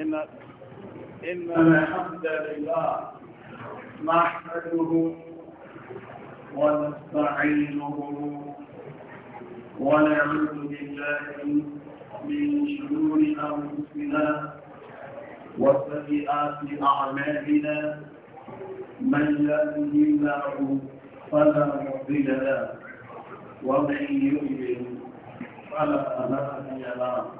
إن إن الحمد لله نحمده ونستعينه ونعوذ بالله من شرور أنفسنا وسيئات أعمالنا من يهده الله فلا مضل له ومن يؤمن فلا هادي له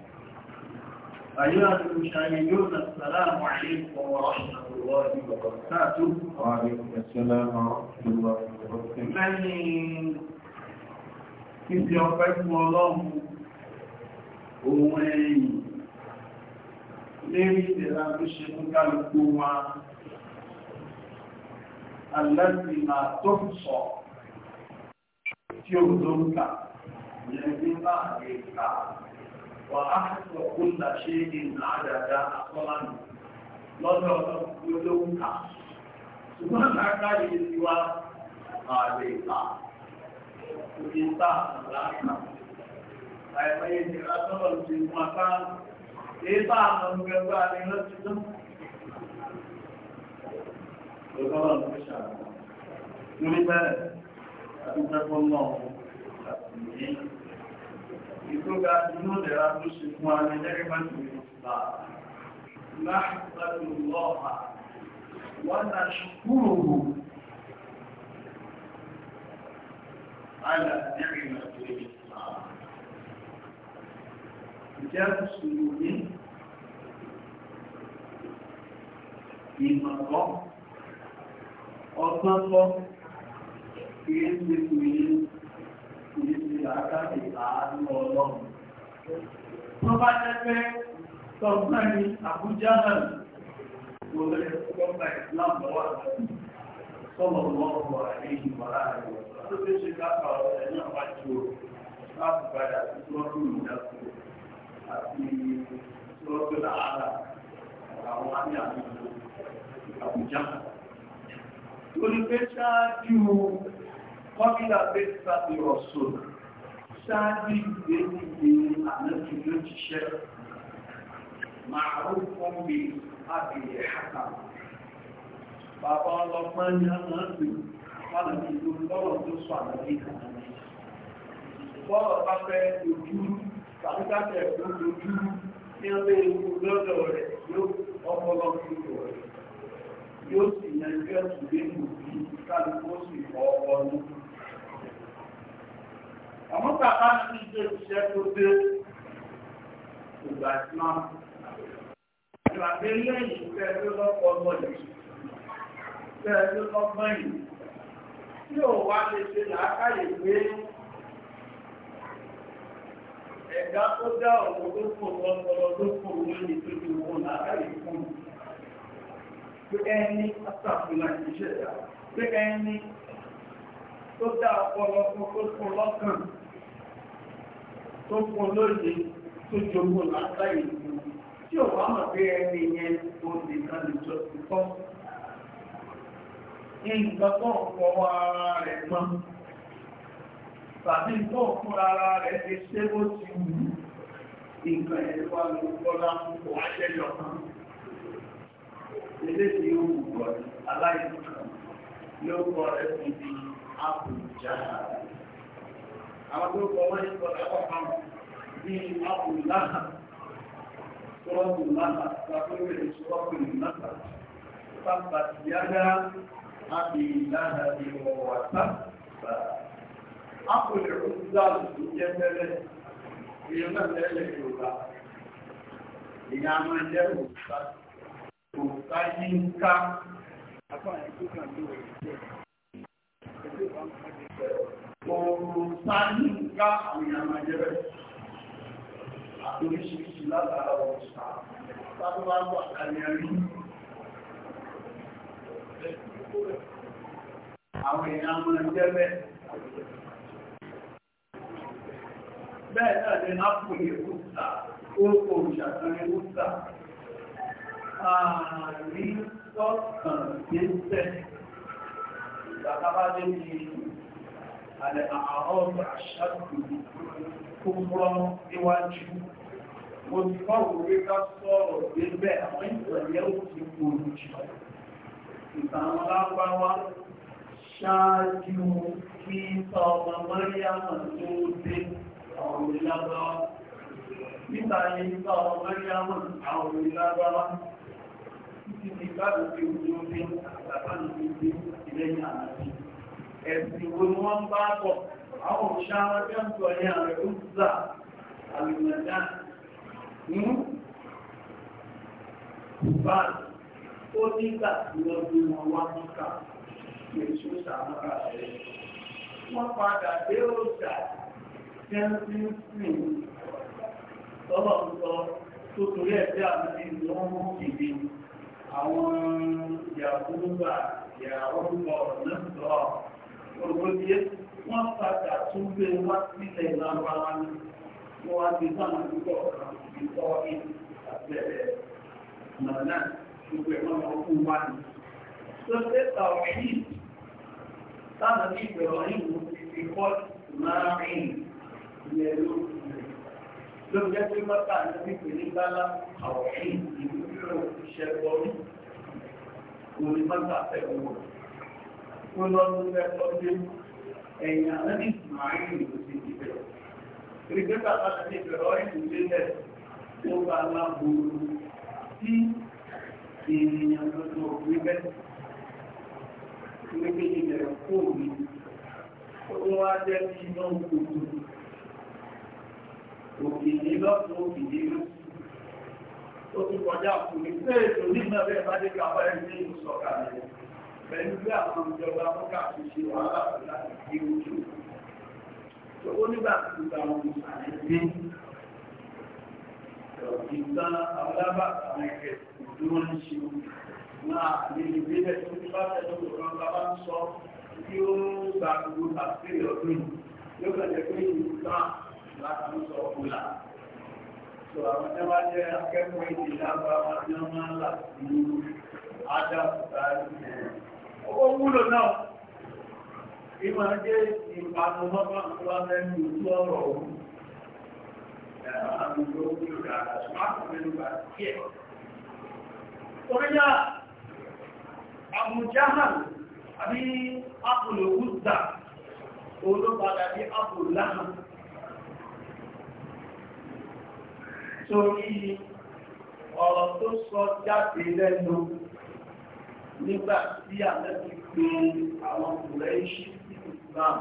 أيها المشاهدون السلام عليكم ورحمة الله وبركاته وعليكم السلام ورحمة الله وبركاته lẹ́yìn ìfẹ́ ọpẹ́ fún ọlọ́run ohun ẹ̀yìn lérí ìdẹ̀lá tó ṣe fún kálùkú wa alẹ́sì máa tó ń sọ tí ó tó ń kà yẹn bí máa lè kà وأحسن كل شيء عددا أصلا lọ́dọ̀ olóhùn ká ṣùgbọ́n àkàkà yìí ti wá ààrẹ ìta òkè ta àlàáfà àìmọye ìnira tọ́lọ̀ ti mú aká èébà àwọn gbẹgbẹ́ àríwá ti tán lọ́dọ̀ ló ṣàrà lórí bẹ́ẹ̀ àdúgbẹ́gbọ́n náà àti ìyẹn ìgbóga inú ìdẹ̀ra tó ṣe fún ara lẹ́rìmọ́tò ìgbà láàrín lọ́ọ̀pá wọ́n na ṣùgbúrògbò ala lẹ́rìmọ́tò ìgbà ìjẹ́ mùsùlùmí ìmọ̀kọ́ ọgbọ́nkọ́ kìí ṣe kìí làákàtì àánú ọlọ́run. Wọ́n bá tẹ́gbẹ́ sọ̀gbọ́n ní Àbújá náà wọ́n lè gbọ́gbà ìsìláàmù lọ́wọ́ àti sọ́lọ̀ lọ́wọ́ àìyí wàrà rẹ̀. Tó fi ṣe kápá ọ̀rẹ́ náà wá ju láti padà sí sọ́ọ̀tù ìdáko àti sọ́ọ̀tù làálà àwọn àmì àbújá. Àbújá. Torí pé ṣáájú kọ́mílà pé sábì ọ̀ṣun ṣáájú ìgbé nígbé ànájú ló ti ṣẹ́ màárù fún mi ábìlẹ̀ hàtà bàbá ọlọ́pàá ní ànájú fánà tí ó lọ́rọ̀ tó sọ ànájú kànáà bọ́ọ̀lọ́ bá fẹ́ ojú tàbí káfẹ́ ojú ní ọlé ewu lọ́dọ̀ rẹ̀ yóò ọpọlọ fífò rẹ̀ yóò sì yẹn gẹ́ẹ̀sì lé mú bí kálukó sì fọ́ ọpọlọ àmọ́ bàbá mi ti dé òṣìṣẹ́ tó dé ìgbà tí wọ́n ìgbà tí lẹ́yìn tẹ́ ló lọ́pọ̀ lọ́yìn tẹ́ ló lọ́gbọ́n yìí tí ò wá lè ṣe làákàyè pé ẹ̀dá tó dá ọ̀pọ̀ tó kò lọ́pọ̀lọ́ tó kò lórí tó ti wọ́n làákàyè fún mi pé ẹni àtàkùnlá ìṣẹ̀dá pé ẹni tó dá ọpọlọ fún tó kò lọ́kàn tó fún lóde tó jogún látàrí ìlú tí ò wá mọ̀ pé ẹni yẹn tó lè kan lè jọ sí tọ́. Nǹkan tó ń fọwọ́ ara rẹ̀ mọ́ tàbí tó ń fún ara rẹ̀ ti ṣé bó ti wù ú. Nǹkan ẹ̀ wá ló kọ́lá fún kò wáṣẹ́yọ̀ kan. Ilé tí wù bọ̀ aláìsàn yóò kọ́ ẹ̀ fi di àbùjá rẹ̀ àwọn tó kọ wọ́n ní kọ́lá ọ̀kan bí abùláhà sọ́ọ̀tù láhà sàkóyèrè sọ́ọ̀tù láhà sábà yára abìláhà ìwọ̀wà sábà akọ̀lẹ̀ òkúdáàlù tó jẹ́ fẹ́rẹ́ èèyàn náà lẹ́lẹ̀ yorùbá èèyàn máa jẹ́ òkúta òkúta yínká oòrùn sáàlì ká àwọn ìyàmà jẹ́rẹ̀ àtoríṣìíṣìí látara ọ̀sà sábúwá wà kàlẹ̀rí àwọn ìyàmà jẹ́rẹ̀ bẹ́ẹ̀ náà ni ápùlé òkúta ó kò ṣàtàrí òkúta ààrí sọ́kàn gẹ́sẹ̀ ìgbàkábá dé ní àlẹ́àárọ̀ àṣàkù tó mọ́ níwájú mo ti fọ́ òwe ká sọ̀rọ̀ débẹ̀ àwọn ìtọ̀lẹ́ ò ti gbòòrò jù ìtàn lápáwá ṣáájú kí ọmọ mọ́ríàmà tó dé àwọn ìlábáwá níta yìí níta ọmọ mọ́ríàmà àwọn ìlábáwá títí ti bá òkè òjò dé àgbàbá nìgbè ilẹ̀ yàrá bíi ẹ̀sìn wo ni wọ́n bá bọ̀ àwọn òṣà ọjọ́ ń sọ hmm? ní ààrẹ ó zà àlùmọ̀dá ní bá ó nígbà tí wọ́n bí wọn wá mọ́kà èso sàmọ́kà rẹ̀ wọ́n padà dé òṣà tí wọ́n ti ń sìn lọ́wọ́ sọ tó torí ẹ̀jẹ̀ ìdí àwọn ìyàwó gbà ìyàwó gbà ọ̀nà sọ̀rọ̀ òròdíyé wọ́n padà tún gbé wá sílẹ̀ lábára ní wọ́n wá ti sáà nígbà ọ̀kan ìtọ́ ní àbẹ̀rẹ̀ mọ̀nà gbogbo ẹ̀wọ̀n náà kú wá ní. tó ṣe tàwọn yìí sáà ní ìbẹ̀rọ̀ ìlú ti kọ́ máa rìn ilẹ̀ lórí ló jẹ́ pé mọ́ta ní wípé ní bálá àwọn ìlú ìlú ìṣẹ́gbọ́n ní orí mọ́ta fẹ́ wọ́n tó lọ́dún fẹ́ tọ́jú ẹ̀yìn àlẹ́bí ìsìnmáyé ìlú sí ìbẹ̀rẹ̀. Ìrìgbẹ́ta láti ní ìbẹ̀rẹ̀ ọ̀rìn ìlélẹ̀ tó bá lágbòrò tí ènìyàn lọ́dún òfin bẹ́ẹ̀. Ìrìgbẹ́ ìbẹ̀rẹ̀ kó mi, ó wá jẹ́ bí iná òkùnkùn. Òkìní lọ́dún òkìní lọ́dún ó tún kọjá fún mi, pé ètò nígbà bẹ́ẹ̀ bá dé kápá ẹgbẹ́ ìlú sọ̀kalẹ̀ pẹ̀lú bí àwọn ìjọba mọ́kà ti ṣe wàhálà láti di ojú. Tó ó nígbà tí ó gba àwọn ìsàlẹ̀ dé. Ìtàn àwọn lábà àwọn ẹ̀kẹ́ tí wọ́n ń ṣe máa lè lè bílẹ̀ tó ti bá tẹ̀lé òkúrọ̀ bá bá ń sọ tí ó ń gba gbogbo àṣírí ọdún yóò bẹ̀rẹ̀ pé ìtàn láti ń sọ ọ̀la. Sọ àwọn ẹ̀wá jẹ́ akẹ́kọ̀ọ́ ìdílé àbáwá ní ọmọ ńlá ìlú Ádá Bùkárí ó wúlò náà ìmọ̀ jẹ́ ìpanu mọ́pàá tó wá mẹ́rin ìlú ọ̀rọ̀ òun ẹ̀rọ àmì tó wúlò dáadáa ṣùgbọ́n àkọ́mẹ́lú bá díẹ̀ oríyá àmújáhàn àbí ápùlò wúzà olóbadà bí ápùlò láhàn nígbà tí àlẹ́bí pé àwọn ọkùnrin iṣẹ́ sí islam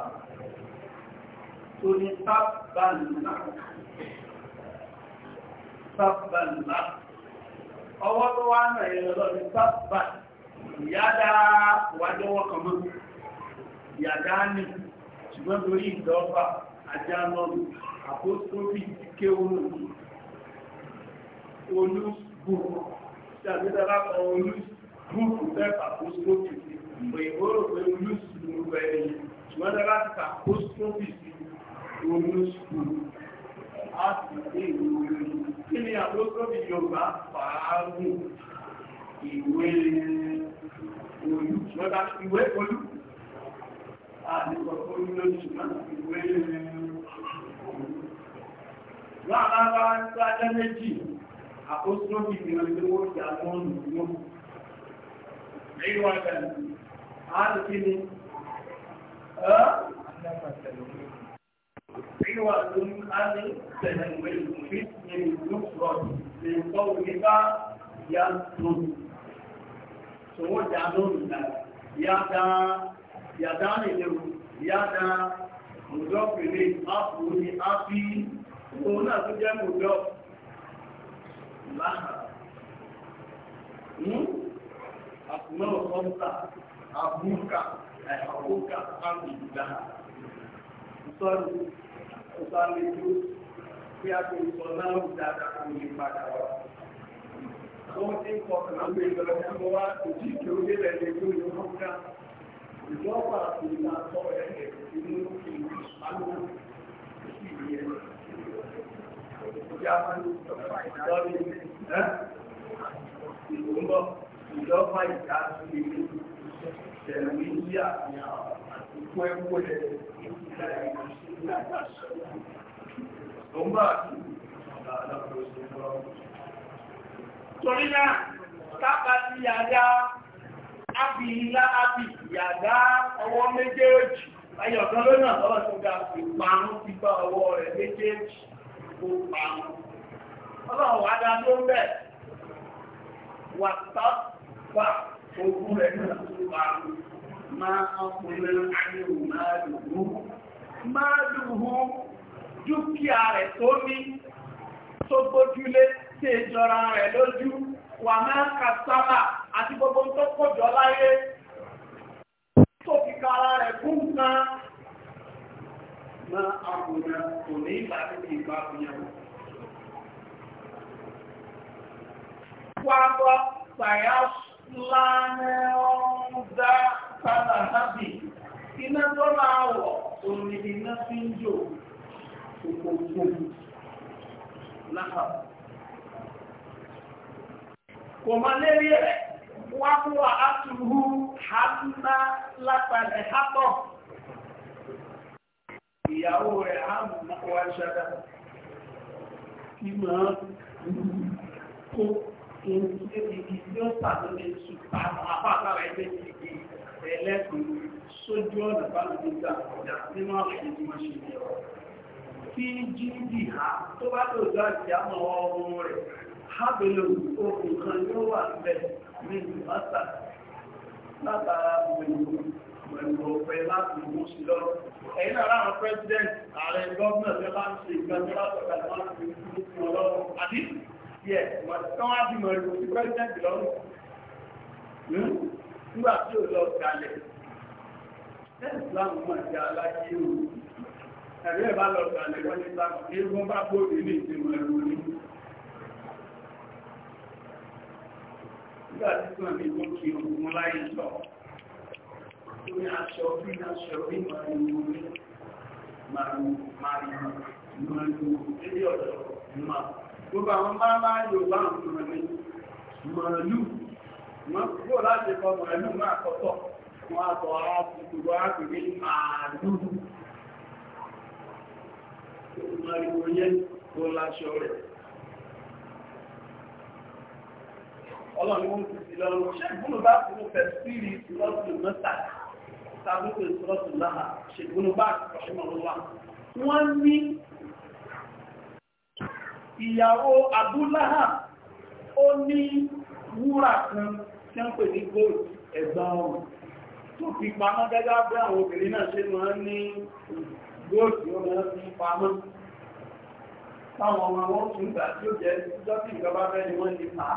tó ní sábàlá sábàlá ọwọ́ tó wá náà yẹn lọ ní sábà ìyádá wájọ́wọ́ kan mọ́ ìyádá ní ṣùgbọ́n torí ìdọ́fà àjánọ́rù àpótórí ké olóògùn olúgbò ṣàbídára olúgbò gúrùpù mẹ́fà pósítrófì sí pé ó rò pé olùsù orúkọ ẹni ṣùgbọ́n tẹ́lá ti kà pósítrófì sí olùsù á sì ní ìwé kí ni àpósítrófì Yorùbá fàágùn ìwé olú ṣùgbọ́n tá ìwé olú àdìsọ̀ olú lórí ṣùgbọ́n ìwé láàárá ń sáájá méjì àpósítrófì ìrìnàjò wọ́n ti àgbọ̀n nù عوجا عارف مين؟ ها؟ عوج عن تنوير باسم النصرة من قولك ينصر سوى جانون يدا يدان له يدا مضاف إليه أبو أبي هنا تجمع مضاف لها أسماء خمسة أبوك أبوك أمي لها أصلي أصلي جوز في أكل صلاة وزادة أمي بعد Àwọn tí ń kọ ìlànà ìjọba tí wọ́n wá kò sí kí ó lé lẹ́yìn tó yọ ọ́nkà. Ìjọba àti ìlànà ọ̀rọ̀ ẹ̀ẹ́dẹ̀ ìlú ìlú àlọ́ sí ìyẹn. Ìjọba àti ìlànà ọ̀rọ̀ ẹ̀ẹ́dẹ̀ ìlú àlọ́ sí ìjọba ìdájú ilé ìṣẹ̀lẹ̀ india àti kó ẹ̀kọ́ rẹ̀ ìṣẹ̀lẹ̀ ìṣẹ̀lẹ̀ tó ń bá torí náà tábà sí yàdá ábì ilá ábì yàdá ọwọ́ méjèèjì ayọ̀kan lónà lọ́wọ́ tó ga ìparun ti bá ọwọ́ rẹ̀ méjèèjì ó parun ọlọ́wọ́ adá ló ń bẹ̀ wàtọ́tù bá ogún rẹ̀ náà tó bá máa ọkùnrin ayéhù máa dùn máa dùn dúkìá rẹ̀ tó ní tó gbójúlé tí ìjọra rẹ̀ lójú wà máa kàtàrà àti gbogbo tó kójọ láyé tó fi rẹ̀ fún máa àwòrán kò ní ìlànà ìgbà fìyàwó wà bọ́ sàyà lánàá ọ̀dá padà hábì iná tó máa wọ̀ òní iná fi ń jò òkòkò láhà. kò máa lérí rẹ̀ wá fún wa átùrú hàmúná látàlẹ̀ hábọ̀ ìyàwó rẹ̀ hàmúná wá ṣáda kí máa kó. Sójú ọ̀nà bá lè gbà ọ̀dá nínú àwọn ẹni tí wọ́n ṣe ní ọ̀rọ̀. Tí jíndì ha tó bá lò láti àmọ́ ọmọ rẹ̀, ha bèèrè òkùn kan yóò wà bẹ̀ ní ìbátà látara pẹ̀lú ọ̀pẹ láti mú sí lọ́rọ̀. Ẹ̀yìn náà ráwọn pẹ́sidẹ̀ntì ààrẹ gọ́ọ̀mọ̀ díẹ̀ tán wá bímọ ìlú sí pẹ́sidẹ́ntì lọ́rùn nígbà tí ò lọ kalẹ̀ lẹ́yìn islam mọ̀ sí aláyé o ẹ̀rí ẹ̀ bá lọ kalẹ̀ wọ́n ní islam eégún bá bóde ní ìsinmi ẹ̀rù ní nígbà tí islam ní kó kí ogun láyé sọ ó ní aṣọ bí aṣọ bí màrìwò ní màrìwò màrìwò ní ọ̀dọ̀ máa gbogbo àwọn bá bá yorùbá ọ̀sùnmọ̀lẹ́ màálù wọ́n kúrò láti kọ màálù máa kọ́tọ̀ wọ́n àtọ̀ àtùgbò àgbègbè màálù màálù yẹn kó láṣọ rẹ̀ ọlọ́run wọ́n ti sí lọ́rùn ṣẹ́gbùnú bá fún fẹ̀sírì lọ́sùn mẹ́ta tàbí pẹ̀sírọ́sùn náà ṣẹ́gbùnú bá kọ̀ṣẹ́mọ̀ wọ́n ní ìyàwó abúláhà ó ní wúrà kan tí ń pè ní gold ẹ̀gbà ọrùn tó fi pamọ́ gẹ́gẹ́ bí àwọn obìnrin náà ṣe máa ń ní gold tí wọ́n máa fi pamọ́ táwọn ọmọ wọn tún gbà tí ó jẹ́ jọ́sí ìjọba fẹ́ ni wọ́n ti pa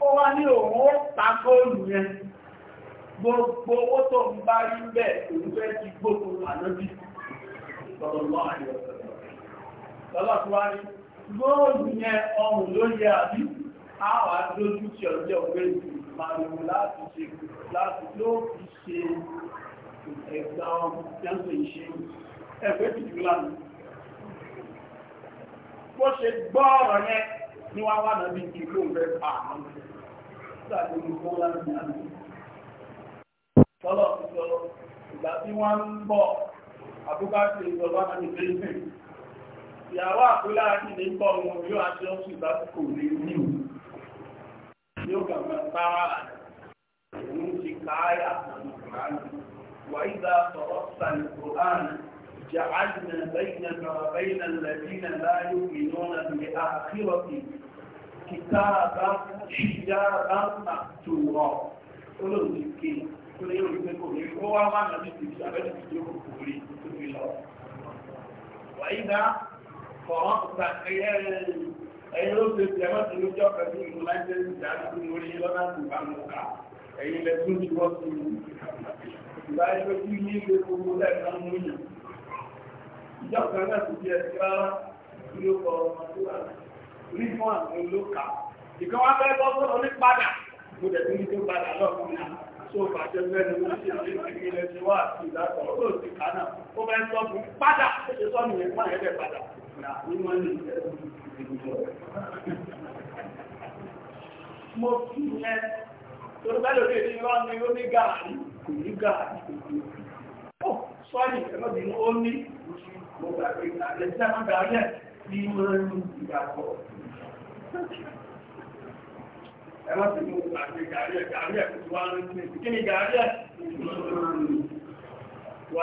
ó wá ní òun ó ta góòlù yẹn gbogbo owó tó ń bá rí bẹ́ẹ̀ òun fẹ́ ti gbógun ànábì lọ́dọ̀lọ́ àyọ̀ lọ́lọ́tún wá rí góòlù yẹn ọrùn ló yẹ àbí àwọn àdójú tí ọjọ́ pé màlúù láti ṣe láti ló fi ṣe ẹ̀gbà ọmọ jẹ́sọ̀ ìṣe ẹgbẹ́ tìjú lánàá bó ṣe gbọ́ ọ̀rọ̀ yẹn ní wá wà náà bí i kó rẹ̀ pààmù Tọ́lọ̀ ti sọ ìgbà tí wọ́n ń bọ̀, àbúgbà tí ìjọba náà ní Bẹ́ẹ̀sìn ìyàwó àkúlá àti ilé pọ̀ wọn yóò àti ọ́sùn ìbásíkò lè ní ò yóò gàmà pàwà òun ti káyà wàídà sọ̀rọ̀ sàn kòrán جعلنا بينك وبين الذين لا يؤمنون بالآخرة كتابا حجابا مكتورا olóòrùn ti ké tó lè yóò gbé kò ní kó wá wá nàbí tìbí kọ̀ọ̀rọ̀ ẹ̀yìn lẹ tún ti wọ́n sí ìbáyé pé kí ní ilé gbogbo lẹ́ẹ̀kan mú yàn ìjọ kan náà ti di ẹ̀sìn rárá tí ó kọ ọmọ tó wà rí fún àwọn olóka ìkan wá fẹ́ bọ́ sọ́dọ̀ ní padà mo dẹ̀ ní tó padà lọ́kùnrin sọ Mo kí ẹ, torí bẹ́ẹ̀ lórí èdè wá ní ó ní gàárì, kò ní gàárì, kò ní. Ó sọ́ọ̀lì ẹ̀rọ bí ó ní, mo gbàgbé ìtàlẹ̀ tí a máa gàárì ẹ̀ bí máa ń ìgbàgbọ́. Ẹ̀rọ tí mo gbàgbé gàárì ẹ̀ gàárì ẹ̀ kò tí wá ń rìn sí. Kí ni gàárì ẹ̀? Wà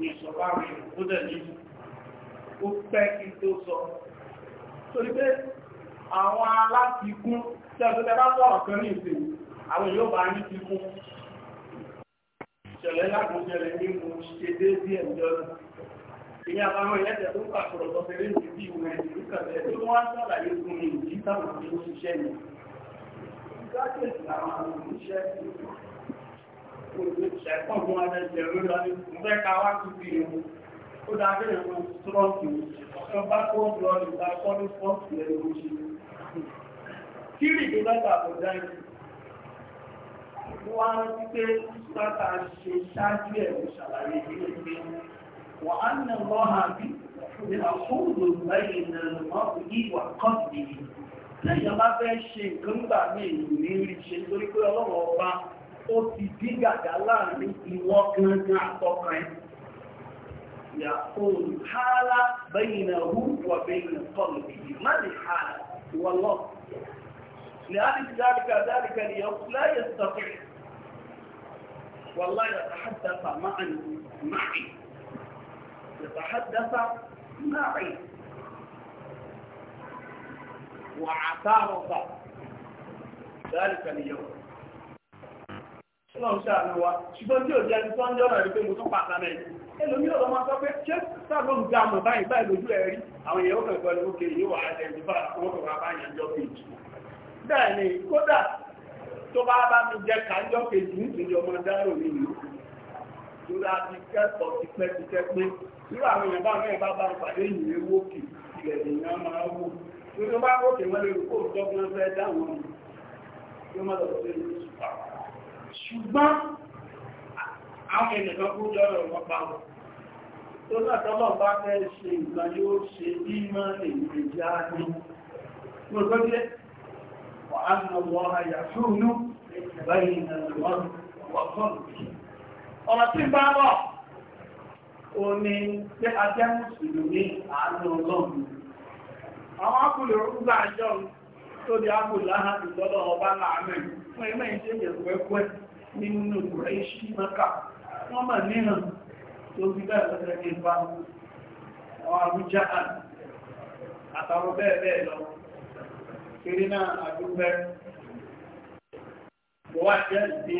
ní ìṣọ̀bá rẹ̀ tó dẹ̀ ní ó pẹ́ kí tó sọ. Torí pé àwọn alátikún tẹ́gbẹ́tẹ́ bá sọ̀rọ̀ kan ní ìsìn àwọn yóò bá ní tikún. Ìṣẹ̀lẹ̀ lágbójẹ̀lẹ̀ ní mo ṣe dé sí ẹ̀jọ́ ìyá àbáwọn ẹlẹ́tẹ̀ tó pàṣọ̀rọ̀ sọ fẹ́rẹ́ ìsìn bí ìwọ̀n ẹ̀sìn ìkàlẹ̀ tó wọ́n sàlàyé fún mi ìdí táwọn tí ó ṣiṣẹ́ yìí. Ìgbàkejì àwọn àwọn òṣìṣẹ́ ṣẹ̀kọ́ fún adẹ́jẹ̀ lórí ọdún mọ́fẹ́ ká wá tún bí ewu ó dáadé ẹ̀wọ̀n strọ́ọ̀kì ọ̀ṣọ́ bá kó lọ́dún bá kọ́lú fọ́ọ̀kì ẹ̀rọ ṣe kí rí ìgbẹ́gbà kò dáìsì wọ́n á ti pé látà ṣe ṣáájú ẹ̀rọ ṣàlàyé ilé pé wọ́n á nà lọ́hà bí ní àkóòdò lẹ́yìn ìrìnàmọ́ ìwà kọ́ọ̀tì ó ti dí gàgà láàrin ìwọ kankan àtọkàn ẹ̀ yàtọ̀lù hálà bẹ́yìn ẹ̀hú wà bẹ́yìn ẹ̀kọ́lù bìí má lè hálà wọ́n lọ لذلك ذلك ذلك اليوم لا يستطيع والله يتحدث معي معي يتحدث معي وعتارض ذلك اليوم ọlọ́run ṣàánú wa ṣùgbọ́n tí ò jẹ́ ní sọ́njọ́ rẹ̀ rí pé mo tún pàtà náà ẹlòmí ọ̀rọ̀ máa sọ pé ṣé sáàbọ̀n ga mọ̀ báyìí báyìí lójú ẹ̀rí àwọn èèyàn kan gbọ́dọ̀ ó kéré yóò wà á lẹ́yìn bá àwọn kan bá yàn jọ kejì bẹ́ẹ̀ ni kódà tó bá bá mi jẹ́ ká jọ kejì nítorí ọmọ dárò mi nù lóra ti kẹ́kọ̀ọ́ ti pẹ́ ti tẹ́ pé irú àwọn èèyàn bá mẹ́rin bá bá ń pàdé ìyìn ewó kì ilẹ̀ èèyàn máa wò tó bá wò wọ́n lè rò ṣùgbọ́n àwọn ènìyàn kú lọ́rọ̀ wọ́n pa wọn tó látọ́lọ̀ bá fẹ́ ṣe ìgbà yóò ṣe bí mọ́ èdè jáde mo jẹ́ mùsùlùmí àánú ọlọ́run àwọn akùnrin orúgbà àjọ tó di ọba fún nínú Kùrẹ́ṣì Mẹ́kà wọ́n mà níhàn tó fi bẹ́ẹ̀ lọ́sẹ̀ ní bá àwọn àrújá àtàwọn bẹ́ẹ̀ bẹ́ẹ̀ lọ kiri náà àdúgbẹ́ bó wá jẹ́ ìdí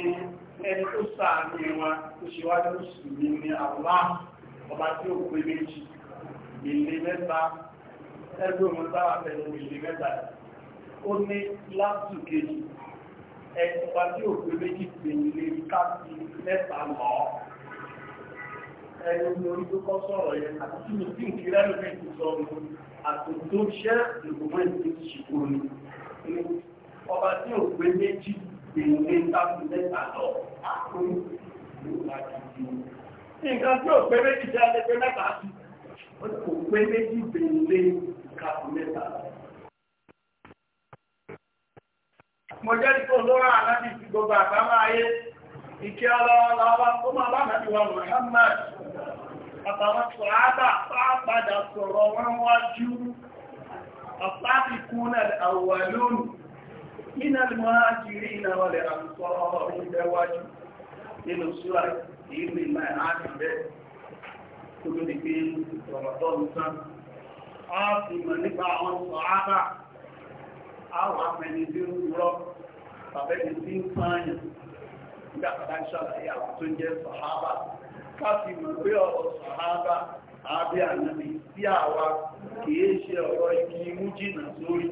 ẹni tó sàánú wa tó ṣe wá tó sì ní ọba tí ó pé méjì ilé mẹ́ta ẹgbẹ́ òun ilé mẹ́ta ó ní láti kejì ẹ̀tùpa tí ò méjì pè nílé ká fi mẹ́ta lọ ẹni orí tó kọ́ sọ̀rọ̀ yẹn àti tí mi tí n kiri ẹni fi sọ mi àti tó ṣẹ́ ìgbòmọ̀ ìpín ṣìkò ni ọba tí ò méjì pè nílé ká fi mẹ́ta lọ nǹkan tí ò méjì jẹ́ ẹni mẹ́ta sí ó méjì pè nílé ká fi mẹ́ta lọ. mo jẹ́rìí kó lóra ànábì sí gbogbo àgbámá ayé ìkẹ́ ọlọ́ọ̀lọ́wọ́ tó máa bá ànábì wa Muhammad ìlú àti tó ló ní pé ọ̀rọ̀ mọ̀ nípa àwọn tàbẹ́ni tí ń pààyàn nígbà tàbá ànàbì sí àwa kìí ṣe ọ̀rọ̀ igi mú jìnà sórí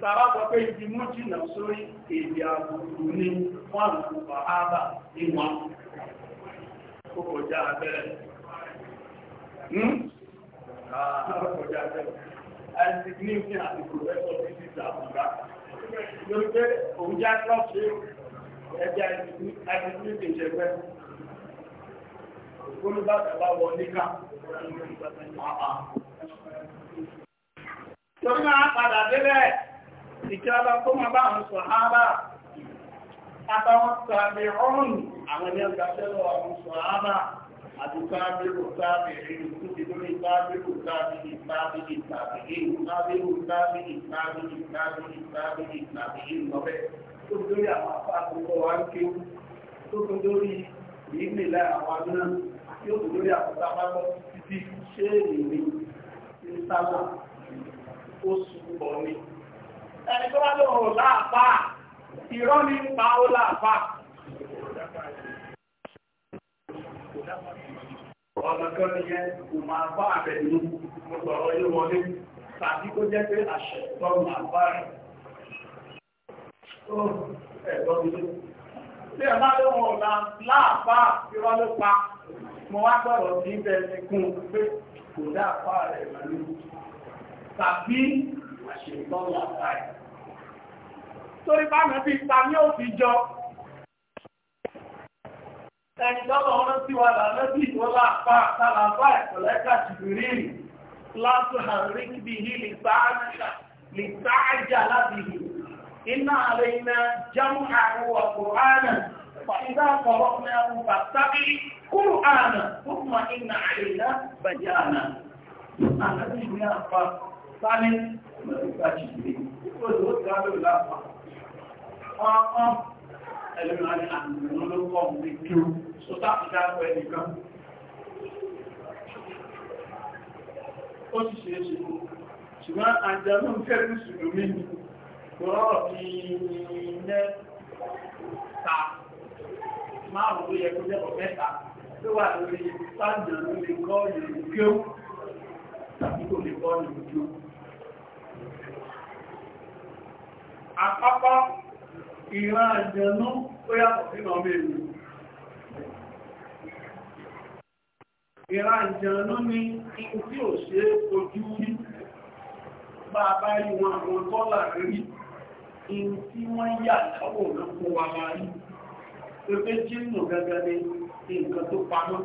sàrá pé igi mú jìnà sórí èdè àbùkù ní wọ́n àwọn sàhábà ní wọn kó kọjá abẹ́rẹ́ hmm? ah, Ààrùn ní àti lórí pé òun já àdìsí ní ìjẹgbẹ́ olùbàdàn bá wọ níkà torí máa padà délẹ̀ ìjọba kó máa bá àwọn sọ̀hábà àtàwọn sàbẹ̀ ọ̀rùn àwọn ẹni ọgbà tẹ́lọ àwọn àti sábẹ́rù sábẹ́rù tó ti lórí sábẹ́rù sábẹ́rù sábẹ́rù sábẹ́rù sábẹ́rù sábẹ́rù sábẹ́rù sábẹ́rù sábẹ́rù sábẹ́rù lọ́bẹ̀ tó ti lórí àwọn afáàkùnkọ̀ wa ń kéwù tó ti lórí ìgbìlá àwọn náà yóò ti lórí àkọ́tà pápọ̀ títí ṣé èmi ti ń sábà oṣù ọ̀ni. ẹni tó bá lóun láàfáà ìrọ́ ni ń pa ó láàfáà ọmọ kan ní yẹn kò máa bá àbẹ̀ nínú mo sọ̀rọ̀ yóò wọlé tàbí kó jẹ́ pé àṣẹ tọ́ máa bá rẹ̀ tó ẹ̀gbọ́n mi lé tí ẹ bá lóhun ọ̀la láàbá irọ́ ló pa mo wá gbọ́dọ̀ sí ibẹ̀ ti kún pé kò dá àpá rẹ̀ pẹ̀lú tàbí àṣẹ tọ́ máa bá rẹ̀ torí bá mi fi ta ní òfin jọ ẹni tọ́lọ̀ ọ̀rọ̀ sí wa lànà sí ìwọ́n láàpá àtàlàfà ìpẹ̀lẹ́kà jìbìrì látò hàrí bí i lè bá àjà láti hì iná àrẹ iná jámù àrùn ọ̀pọ̀ ààrẹ fàìdá kọ̀rọ̀ mẹ́rin bàtàbí kúrò ààrẹ fún ma iná àrẹ iná bàjẹ́ àná àti ìwé àpá sáré mẹ́rin bá jìbìrì ó lè ẹlẹ́nu àti àmìnà ló kọ́ òun ní kí o so táàkìdá pẹ̀ nìkan ó sì ṣe é ṣe ṣùgbọ́n àjẹ́lú fẹ́ ní sùlùmí rọ́rọ̀ bí mẹ́ta márùn ló yẹ kó jẹ́ mẹ́ta ló wà lórí sáàjẹ̀ ló lè kọ́ ìlú kí àpapọ̀ ìran àjẹ̀nú ó yàtọ̀ sínú ọmọ èlú ìran àjẹ̀nú ni tí ò ṣe ojú rí bá bá rí wọn àwọn tọ́là rí in tí wọ́n yà láwọ̀ náà fún wa láàrí pẹ́pẹ́ jínú gẹ́gẹ́ ní nǹkan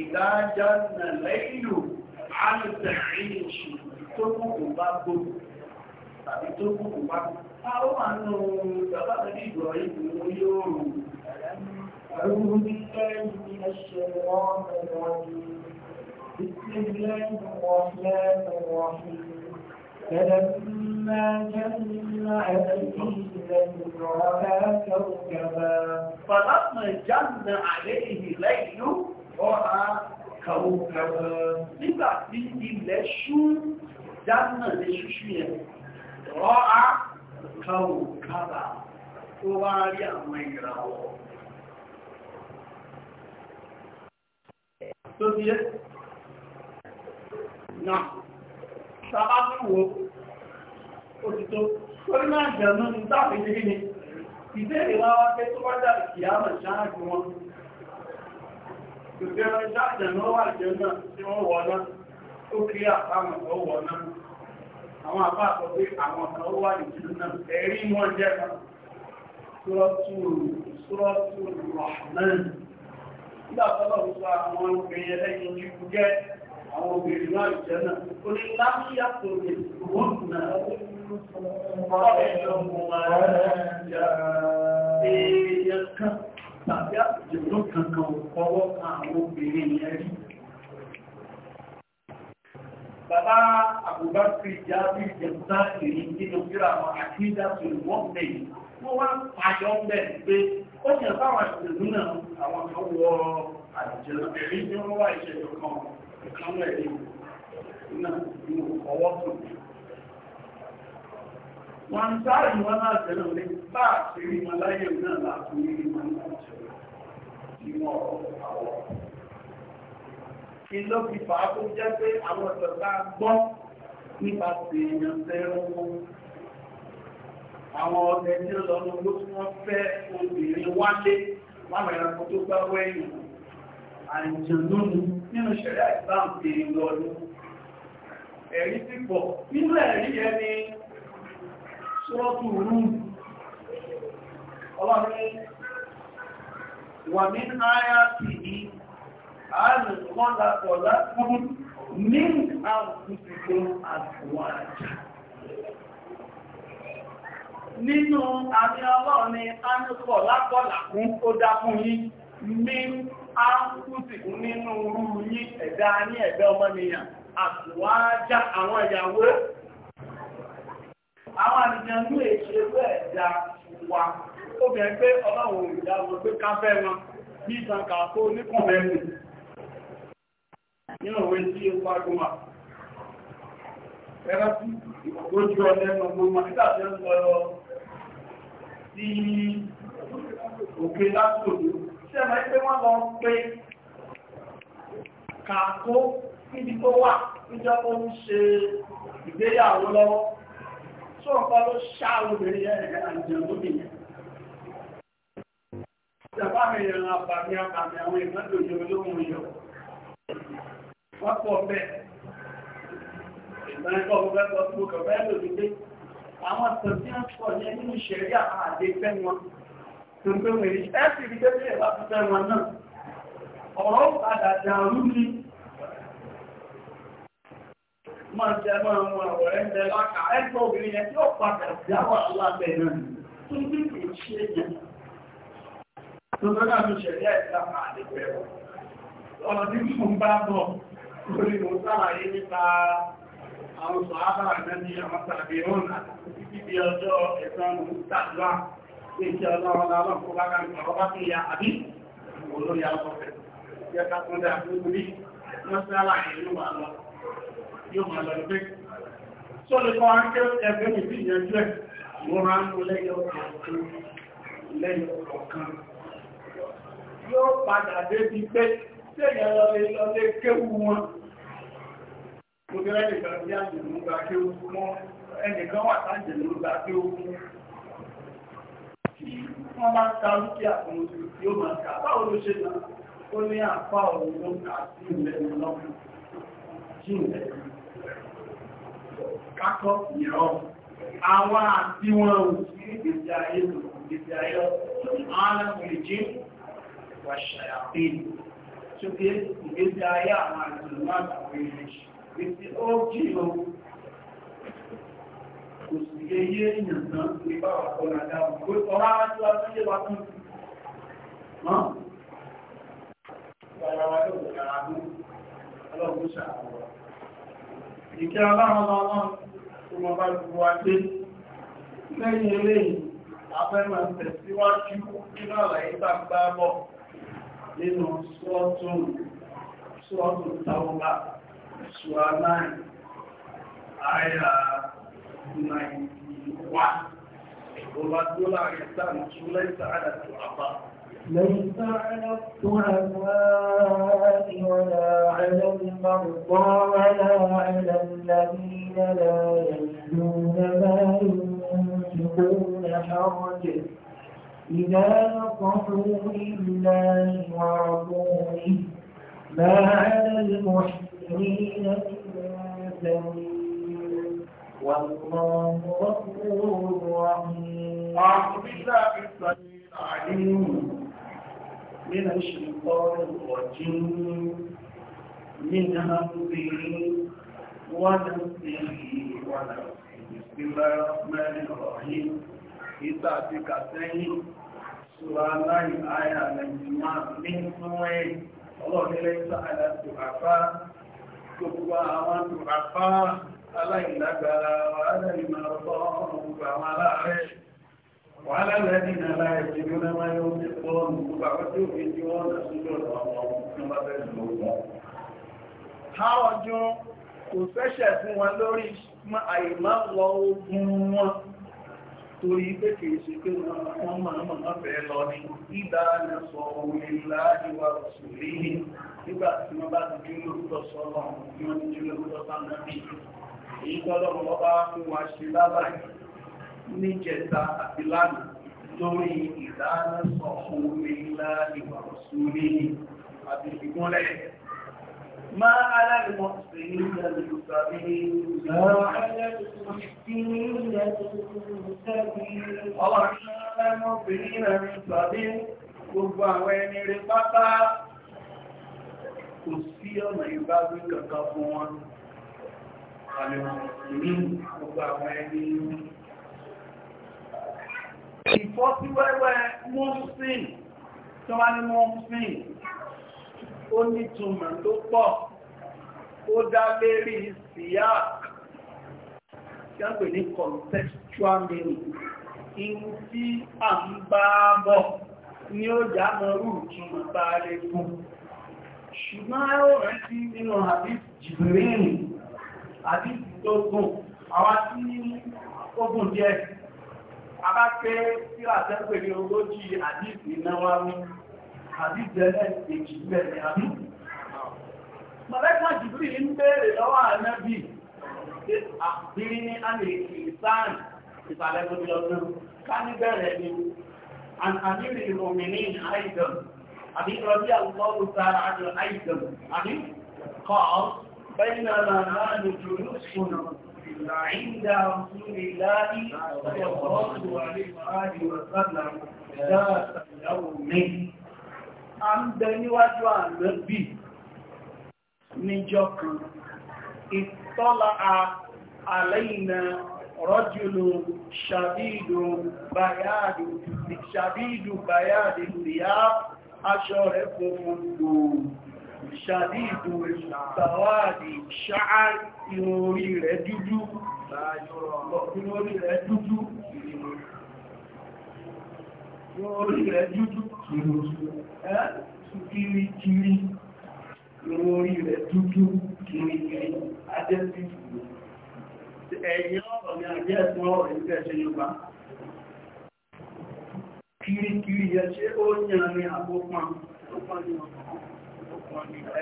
ìdájá nà lẹ́yìn àlùtẹ̀rí ìṣù tó kù bá gbogbo tàbí tó kù kù pa. a ó wà nù bàbá àti ìgbọ̀ ìgbìmọ̀ yóò rù. أعوذ بالله من الشيطان الرجيم بسم الله الرحمن الرحيم فلما جن عليه ليل رأى كوكبا فلما جن عليه ليل رأى كوكبا nígbà tí ilẹ̀ ṣú dáná lè ṣúṣú yẹn rọ́á kàwò kàbà tó bá rí àwọn ìràwọ̀ tó ti yẹ́ náà sábá ní wo ó ti tó torí náà jẹ̀mú ní táàfi jírí ni wá wá pé tó bá jà ìkìyàmọ̀ ṣáájú wọn Ìgbẹ̀rẹ̀ ìjájẹ̀ lọ́wà jẹ́ náà tí wọ́n wọ̀ náà, ó kí àpá mọ̀ ọwọ̀ náà àwọn àbá sọ pé àwọn kan ó wà nìjú náà ẹ̀rí wọn jẹ́ kan sọ́rọ̀tù rahman nígbà tọ́lọ̀ ń sọ àwọn obìnrin ẹlẹ́yìn jíkú jẹ́ àwọn obìnrin náà jẹ́ náà ó ní láfíà tó lè wọ́n náà ọ̀rẹ́ ìjọ bàbá àbúbákiri jáde jẹ̀múta èyí nínú kíra àwọn àkídá tó wọ́n mẹ́yìn wọ́n wá pààyọ́ mẹ́ pé ó yẹ fáwọn ìṣèlú náà àwọn kan wọ àjẹjẹrẹ èyí tí wọ́n wá ìṣẹ̀lẹ̀ kan ìkànnì ẹ̀rí náà ní ọwọ́ tó wọ́n sáré wọn náà tẹ̀lé ní bá àṣírí wọn náà láti ní ìmọ̀ náà tẹ̀lé iná fi fà á tó jẹ́ pé àwọn ọ̀sẹ̀ tá a gbọ́ nípa èèyàn fẹ́ràn wọn àwọn ọ̀sẹ̀ tí ó lọ́nu ló tí wọ́n fẹ́ obìnrin wálé láwọn ẹranko tó gbá wẹ́yìn àìjànúnu nínú ṣẹ̀rẹ́ àìsàn èèyàn lọ́nu ẹ̀rí ti pọ̀ nínú ẹ̀rí yẹn ni ṣọ́ọ̀tù rúùn ọlọ́run wà ní náírà tìí àánùkọ́lákọ̀ọ́lá fún ní àkùnkùnkù àtùwàjà. Nínú àmì ọlọ́ọ̀ ni àánùkọ̀lákọ̀ọ́lá fún ó dá yí, mí àkùnkùnkù nínú orú yí ẹ̀dá ní ẹ̀dá ọmọnìyàn, àtùwàjà àwọn ìyàwó. Àwọn ẹ̀dá wa, ó pé ìdáwọ̀ pé wọn, bí ìtànkà tó nínú òwe tí ó pàgbọ́mà ẹ̀rọ ìgbójú ọlẹ́nu gbogbo nígbà tí ó lọ sí òkè lásòdó ṣẹ́mọ̀ ẹgbẹ́ wọ́n lọ pé kàkó níbi tó wà níjọ́ ó ń ṣe ìgbéyàwó lọ́wọ́ tó ọ̀pọ̀ ló ṣá obìnrin ẹ̀rẹ̀ àjẹ́ lóbìnrin ìjọba wọ́n pọ̀ bẹ́ẹ̀ ìgbàlẹ́kọ̀ ọ̀gbẹ́ pọ̀ tó kọ̀ bẹ́ẹ̀ lòdì dé àwọn tẹ̀sí ń pọ̀ yẹn nínú ìṣẹ̀rí àdé fẹ́ wọn tó ń pè wọ́n èyí ẹ́ sì rí débìlẹ̀ wá fi fẹ́ wọn náà ni máa jẹ máa wọn ọ̀rẹ́ ń bẹ láka ẹgbẹ́ obìnrin yẹn tí ó padà dáwọ́ alábẹ́ náà tó ń bí kì í ṣe yẹn tó ń bẹ́ náà ní ìṣẹ̀rí àdé fẹ́ wọn ọ̀rọ̀ tí mo ń lórí mo sàlàyé nípa àwọn sọ̀hábà àgbẹ́ni àwọn tàbí òun àti títí ọjọ́ ẹ̀sán mùsàlá tí ìṣẹ́ ọlọ́run lọ́rùn kó bá ká ń sọ̀rọ̀ fi ya àbí olórí alọ́fẹ́ yẹ ká tún dá gbogbo ní mọ́sálà ìlú wà lọ yóò máa lọ pé tó lè kọ́ ánkẹ́ ẹgbẹ́ mi sí ìyẹnjú ẹ̀ mo tẹ́yìn lọ lè lọ lè kéwú wọn mo ti rẹ́ nìkan bí àjẹ̀lú gba kéwú mọ́ ẹnìkan wà tájẹ̀lú gba kéwú mọ́ wọ́n máa ń ka dúkìá fún ojú tí ó máa ń ka báwo ló ṣe náà ó ní àpá òun àwọn àti wọn ò sí ìgbésí ayé lò ìgbésí ayé lọ àwọn ìjì wàṣàyàpé ṣókè ìgbésí ayé àwọn àjùmọ̀ àtàwọn ìrìnṣì ìgbésí ó jí o kò sì lè yé èèyàn náà ní báwà kọ́nà dáwọn pé ọ̀rá wá tí wá tó lè wá tó ti mọ́ ìgbàlá wa yóò wọ̀ yàrá mú ọlọ́run ṣàkọwọ́ ìkẹ́ ọlọ́run ọlọ́run tó mọ bá gbogbo wa dé lẹ́yìn eléyìí afẹ́mọ̀ tẹ̀síwájú nínú àlàyé tá a gbá bọ̀ nínú sọ́ọ̀tún sọ́ọ̀tún tàwọ́bà ṣùgbà náà àyà 91 والرجل يستأنس ليس على الضعفاء ليس على الضعفاء ولا على المرضى ولا على الذين لا يجدون ما ينفقون حرج إذا نصحوا لله ورسوله ما على المحسنين من سبيل والله غفور رحيم أعوذ بالله السميع العليم من الشيطان الرجيم من همزه ونفسه ونفسه بسم الله الرحمن الرحيم ìgbà àti kàtẹ́yìn ṣùgbà láì àyà nàìjíríà nínú ẹ̀ ọlọ́ọ̀lẹ́lẹ́ sáàlá tó àpá gbogbo àwọn tó àpá aláìlágbára wàhálà ìmọ̀lọ́pọ̀ gbogbo àwọn aláàrẹ̀ wàhálà lẹ́yìn aláì jẹ́gbẹ́ náà yóò ti pọ̀ gbogbo àwọn tí ó fi jí wọ́n lọ sí lọ́dọ̀ torí pé kìí ṣe pé wọ́n máa mọ̀ máa fẹ́ lọ ní ìdá ni sọ orin láàrin wa sùúrí ní nígbà tí wọ́n bá ti dúró lóòótọ́ sọ́lọ́ tí wọ́n ti dúró lóòótọ́ sáńdá bí èyí tọ́lọ́ wọn bá fún wa ṣe lábàáyé níjẹta àti lánàá lórí ìdáná sọ orin láàrin wa sùúrí ní àti ìgúnlẹ̀ ما على المحسنين من ما على المحسنين من الله على المحسنين من سبيل gbogbo àwọn ẹni rẹ̀ pátá kò sí ọ̀nà ìbáwí kankan fún wọn ìfọ́síwẹ́wẹ́ mọ́sìn tí ní mọ́sìn ó nítumọ̀ tó pọ̀ ó dá lérí siyak tí a ń pè ní contextual meaning ihun tí a ń bá bọ̀ ní ó jámọ̀ rú ìtumọ̀ bá lè fún ṣùgbọ́n ó rántí nínú hadith Jibril hadith tó gùn àwọn tí ó gùn díẹ̀ abákẹ́ tí àtẹ́gbẹ̀rẹ̀ ogójì hadith náwáwí àbí bẹ̀rẹ̀ èjì bẹ̀rẹ̀ àbí. Mọ̀lẹ́kà Jibril ń béèrè lọ́wọ́ ànábì àbírí ní àmì ìsáàn ìsàlẹ̀ tó bí ọdún ká ní bẹ̀rẹ̀ ni. Àbírí ìròmìnì àìdàn àbí rọ́bí àwùjọ́wù sára àjọ àìdàn àbí kọ́ bẹ́ẹ̀nà náà ní jùlọ ṣùnà عند رسول الله صلى الله عليه وسلم ذات يوم a ń bẹ níwájú ànábì níjọ́ kan ìtọ́lá àlẹ́yìnà rọ́jùlù ṣàbídù báyáàdì ṣàbídù báyáàdì ìyá aṣọ rẹ̀ funfun gbòòrò ṣàdídù ìṣàwádì ṣáà irun rẹ̀ dúdú orí rẹ̀ dúdú kìrìkìrì ìwọ̀n orí rẹ̀ dúdú kìrìkìrì ajẹ́sí ẹ̀yìn ọ̀rọ̀ ni àjẹ́ ẹ̀sùn ọ̀rọ̀ ìgbẹ́ ṣe yóò bá kìrìkìrì yẹ ṣe ó yàn ní àpópọn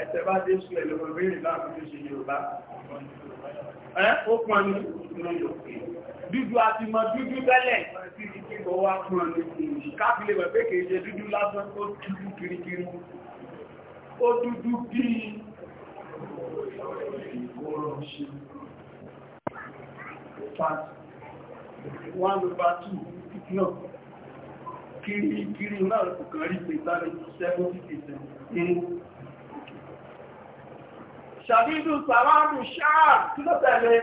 ẹ̀tẹ́ bá dé sí ẹ̀lọ́gbọ̀n béèrè láàrín tó ṣe Yorùbá ẹ́ ó pọn ní ìlú dúdú àti mọ dúdú tẹ́lẹ̀ kíkọ́ wá pọn ní káfílẹ̀ pẹ̀pẹ́ kìí ṣe dúdú lásán ó dúdú kirikiri ó dúdú bí ìkóró ṣe one over two náà kiri kiri náà kò kàn rí pé sáré 70 percent ṣàdídù sàwádù ṣáà tí ló tẹ̀lé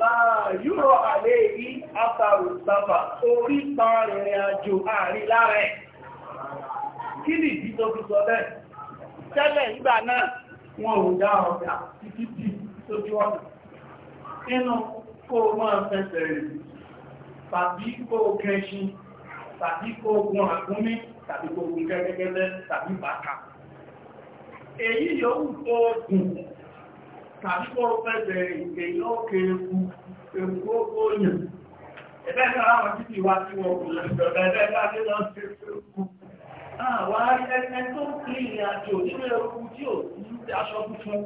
láàyúrọ̀ àlẹ́ yìí àtàrù sábà orí tan rìnrìn àjò àárín lára ẹ̀ kí ni ìdí tó fi sọ bẹ́ẹ̀ tẹ́lẹ̀ ìgbà náà wọn ò dá ọ̀dà títí tí sójú ọ̀nà nínú kó máa fẹsẹ̀ rẹ̀ tàbí kó kẹṣin tàbí kó gun àgúnmí tàbí kó gun kẹ́kẹ́kẹ́lẹ́ tàbí bàkà èyí yóò ka ko tàbí kó pẹ́sẹ̀ ìgbè yóò ké ewu ewu ókó yàn ẹgbẹ́ kan láwọn títí wá tí wọ́n kò lẹ́gbẹ̀ẹ́ bẹ́ẹ̀ bá dé lọ àwọn ẹgbẹ́ tó kí ìrìn àjò nílé ewu tí ò ní aṣọ tuntun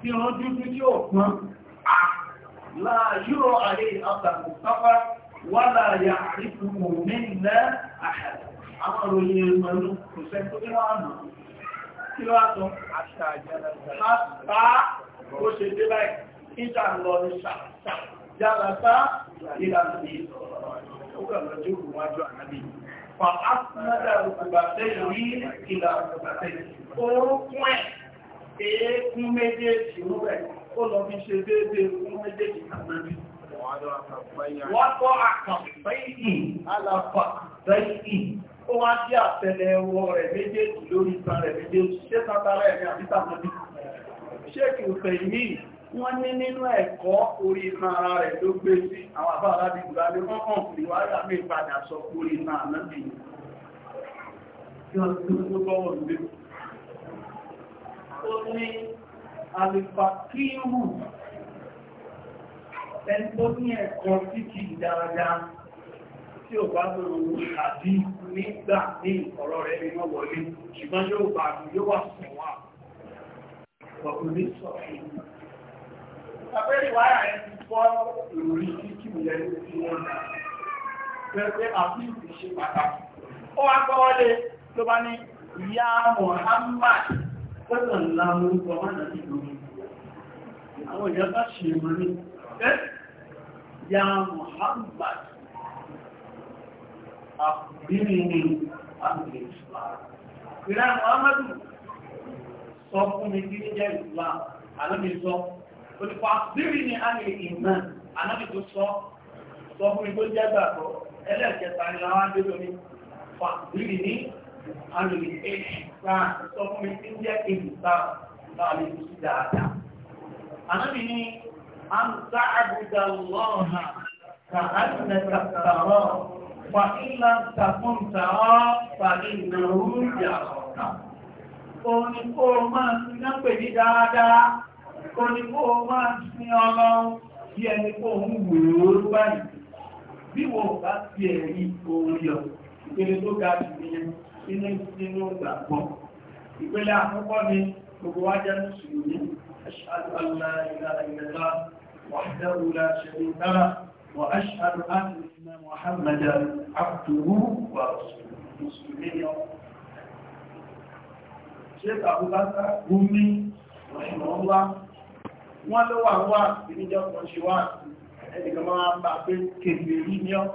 tí wọ́n dúdú tí ò pọ́n kí ló wá sọ àṣà bó ṣe dé báyìí ìjà lọ ní ṣàṣà yára sá ìlànà ìṣòro ó kàn lọ́jọ́ ìwájú ànábì fàásínádà òkùbàtẹ́ rí ìlà òkùbàtẹ́ orúkún ẹ̀ èékún méjèèjì rúrẹ̀ ó lọ fi ṣe déédé fún méjèèjì kàmẹ́rí wọ́n kọ́ àkànfẹ́ ìhìn alàfà fẹ́ ìhìn ó wá dí àtẹ́lẹ̀ ọwọ́ rẹ̀ méjèèjì lórí ìtàn rẹ̀ méjèèjì ṣé tàtàrà ẹ̀mí àbítàmọ́bí ṣéèkì òfẹ́ ìmí wọ́n ní nínú ẹ̀kọ́ orí iná ara rẹ̀ ló gbé sí àwọn àbá aládìí ìgbà ní wọ́n hàn sí wáyà mí padà sọ orí iná ànábì ó tí ò bá tó rú àbí nígbà ní ọ̀rọ̀ rẹ̀ nínú wọlé ṣùgbọ́n yóò bá rú yóò wà sọ̀wà ọkùnrin sọ̀rọ̀ Àpẹẹrẹ wáyà ẹ ti fọ́ ìròrí kíkì ilẹ̀ tí wọ́n dá. Pẹ̀lẹ́ àbí ìṣe pàtàkì. ní ìyá Muhammad pẹ́lẹ̀ ńlá orúkọ mọ́nà Muhammad àbíní àmì islam ìran muhammadu sọ fún mi kí ní jẹ́ islam alábi sọ olùkọ́ àbíní àmì ìmọ̀ alábi tó sọ sọ fún mi tó jẹ́ gbàgbọ́ ẹlẹ́ẹ̀kẹta ni àwọn adébẹ̀ mi fàbíní ní àmì islam sọ fún mi kí ní jẹ́ islam láàrin ìlú dáadáa alábi ní àmì sáàbùdà lọ́ọ̀hà kà á ti nẹ́ta tààrọ̀ wà ilá tàkùntà ọ́ pàdé ìnáwó ìyà ọ̀tà. Òun ni kó o máa fi náà pè ní dáadáa, òun ni kó o máa fi ọlọ́run bí ẹni kó ń wòó báyìí. Bí wo bá ti ẹ̀rí orí ọ̀, ìpele tó ga jù nìyẹn nínú nínú ìgbàgbọ́. Ìpele àkọ́kọ́ ni gbogbo wa jẹ́ Mùsùlùmí, Ashhadu an la ilaha illallah, wahdahu la sharika lahu. وأشهد أن محمد عبده ورسوله شيخ أبو بكر أمي رحمه الله وأنه هو في جو وشوات الذي كما أبا في في جو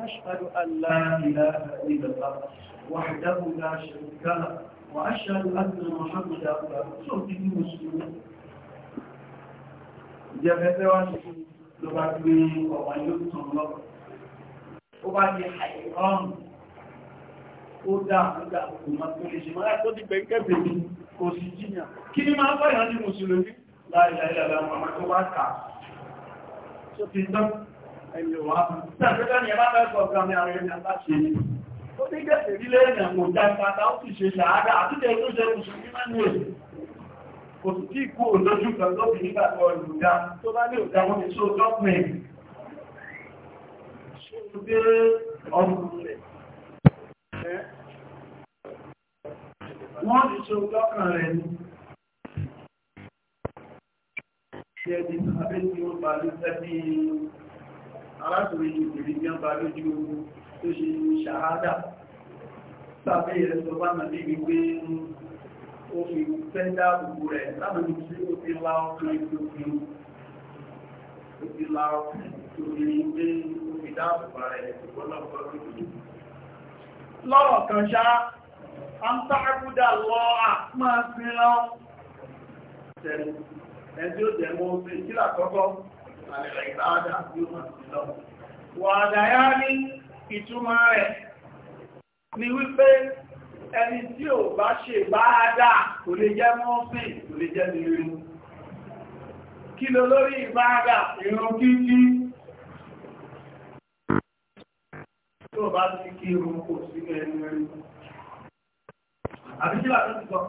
أشهد أن لا إله إلا الله وحده لا شريك له وأشهد أن محمد أبو أبو في المسلمين Ìjẹ́fẹ́fẹ́ wá ṣe ló bá gbé ọmọ yóò tàn lọ́wọ́. Ó bá ní àìrọ́rùn, ó dá àmúdà kò máa tó lè ṣe máa tó ti pẹ̀kẹ́ bèèrè kò sí jíyàn. Kí ni máa fọ́yàn ní Mùsùlùmí? Láìláìlá ó ní gẹ̀ẹ́sì rílé èèyàn kò já ìpàtà ó sì ṣe ṣàádá àtúnjẹ tó ṣe mùsùlùmí mẹ́nu èdè kò sì tí kú kan lóbi nígbà tó olùdá tó bá ní òdá wọn ní só gọ́ọ̀mẹ̀ntì ṣó gbé ọmọ rẹ̀ wọ́n ti ṣe ọgọ́kàn rẹ̀ ní ṣe ẹni abẹ́ tí ó bá ní ọba tó ṣe ṣàhádà tàbí rẹ̀ sọ bá nà ní wípé ó fi fẹ́dá gbogbo rẹ̀ láàrín ní tí ó ti lá ọkùnrin tó fi ó ti lá ọkùnrin tó fi ní pé ó fi dáàbò rẹ̀ ìgbọ́lọ́pọ̀ lọ́rọ̀ kan ṣá a ní ìtumọ̀ rẹ̀ ni wípé ẹni tí ò bá ṣe ìbáadà kò lè jẹ́ mọ́sìn kò lè jẹ́ nìrìnú kí ló lórí ìbáadà ìrun kíkí tí ò bá ti kí irun kò sí ẹni àbí tó ti sọ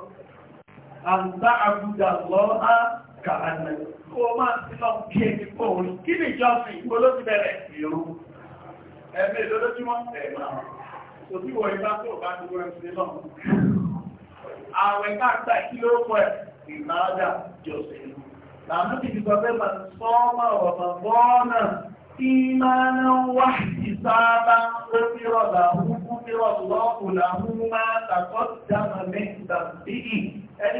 àgbà àgbùdà lọ́ha kàánà kó máa sí lọ kí ẹni pọ̀ orí kí ni ìjọsìn ìgbóló ti bẹ̀rẹ̀ ìrun ẹ̀mẹ́ ìlọ́lójúmọ́ ẹ̀mà òsìwọ̀ ìbá tó bá ti wọ́n sí lọ àwẹ̀ káàkiri kí ló pọ̀ ẹ̀ ìbáadà jọ̀sẹ̀ lànà ti fi sọfẹ́ mà sọ́ọ́mà ọ̀bà bọ́ọ̀nà tí máa ń wá ìsáábà ó fi rọ̀lá húkú fi rọ̀lọ́ọ̀kù làhún máa tàkọ́ dáná mẹ́ta bíi ẹni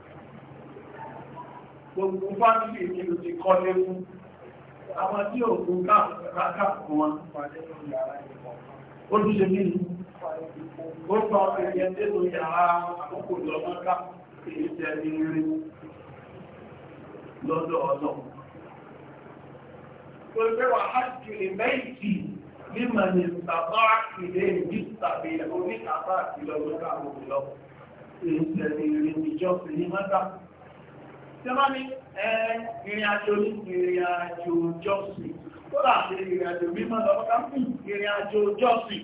gbogbo fámílì ní ló ti kọ́ lé fún àwọn tí ò kún káàkùn wọn ó tún ṣe nínú ó pa ẹ̀yẹ tẹ́lú yàrá àkókò lọ́mọ́ká èyí tẹ́ ní rí lọ́dọ̀ ọ̀dọ̀ Olùgbé wà á jù lè mẹ́ìtì ní màní bàbá ìlé ìbí tàbí oníkàbá ìlọ́gbọ́n àwọn òlọ́. Èyí tẹ̀lé ìrìn ìjọ́sìn ní mọ́ta Tẹ́lá ní ìrìn àjò ní ìrìn àjò jọ́sìn. Tó láti ìrìn àjò mímọ́ lọ́pọ̀ká fún ìrìn àjò jọ́sìn.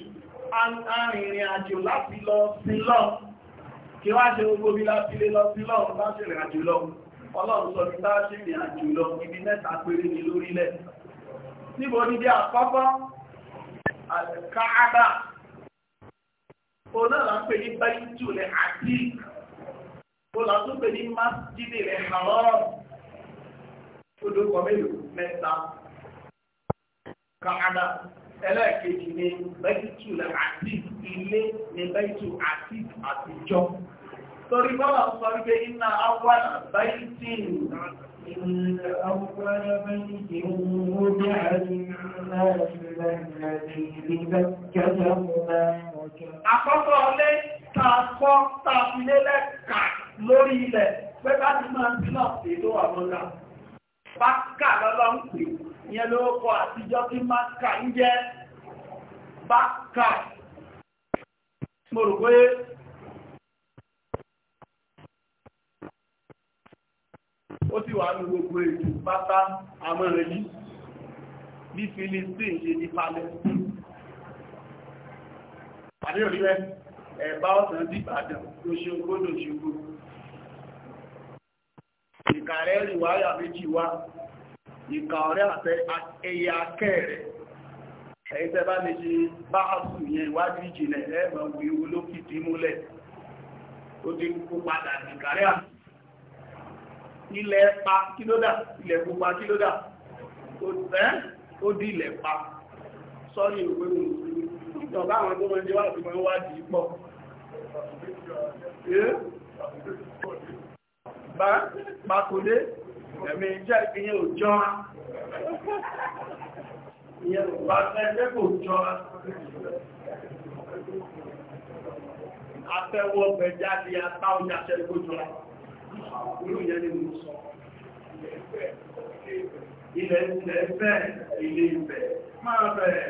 A rìnrìn àjò láti lọ sí lọ. Kí wá ṣe gbogbo bí láti lé lọ sí lọ bá ṣe rìn àjò lọ. Ọlọ́run sọ ní bá ṣe rìn àjò lọ ibi mẹ́ta péré ní lórílẹ̀. Níbo ni bí àkọ́kọ́? Àkáàbà. Òun náà là ń pè ní lẹ́ àdíkù tó la tún pè ní masjidi rẹ̀ haram odò kọ mélòó mẹ́ta kàkàdà ẹlẹ́ẹ̀kejì ní bẹ́tù lẹ́ àti ilé ní bẹ́tù àti àtijọ́ torí bọ́lá sọ wípé iná àwọn bẹ́tì إن أول بيت وضع للناس للذي ببكة هدى lé tàkọ́ lórí ilẹ̀ pé ká ti máa ń sílọ̀ èlò àmọ́lá bákà lọ́lọ́ ń pè ìyẹn ló kọ àtijọ́ tí mákà ń jẹ́ bákà mo rò pé ó ti wà ní gbogbo ètò pátá àmọ́rin yìí bí Filistin ṣe ní Palestine àdéhùn rẹ̀ ẹ̀bá ọ̀sán dìbàdàn lóṣogbo lóṣogbo ìkà rẹ̀ rí wáyà méjì wá ìkà ọ̀rẹ́ àtẹ ẹyẹ akẹ́ rẹ̀ ẹ̀yìn tẹ́ bá lè ṣe bá àṣù yẹn ìwádìí ìjìnlẹ̀ ẹ̀mọ̀ ìwò lókìtì múlẹ̀ ó ti kú padà ìkà rẹ̀ àti ilẹ̀ pa kílódà ilẹ̀ pupa kílódà ó di ilẹ̀ pa sọ́rí ìwé ìjọba àwọn tó mọ́ ẹjẹ́ wà fún ẹwà dìí pọ̀ bá pàkúdé ẹ̀mí jẹ́ ìpínyẹ òjọ́ra ìyẹn bá ẹgbẹ́ kò jọra afẹ́wọ́ gbẹ̀jáde àtàwọn ìyàṣẹ́ ìkó jọra irú ìyẹn ni mo sọ ilẹ̀ ìfẹ́ ilé ìfẹ́ máa bẹ̀rẹ̀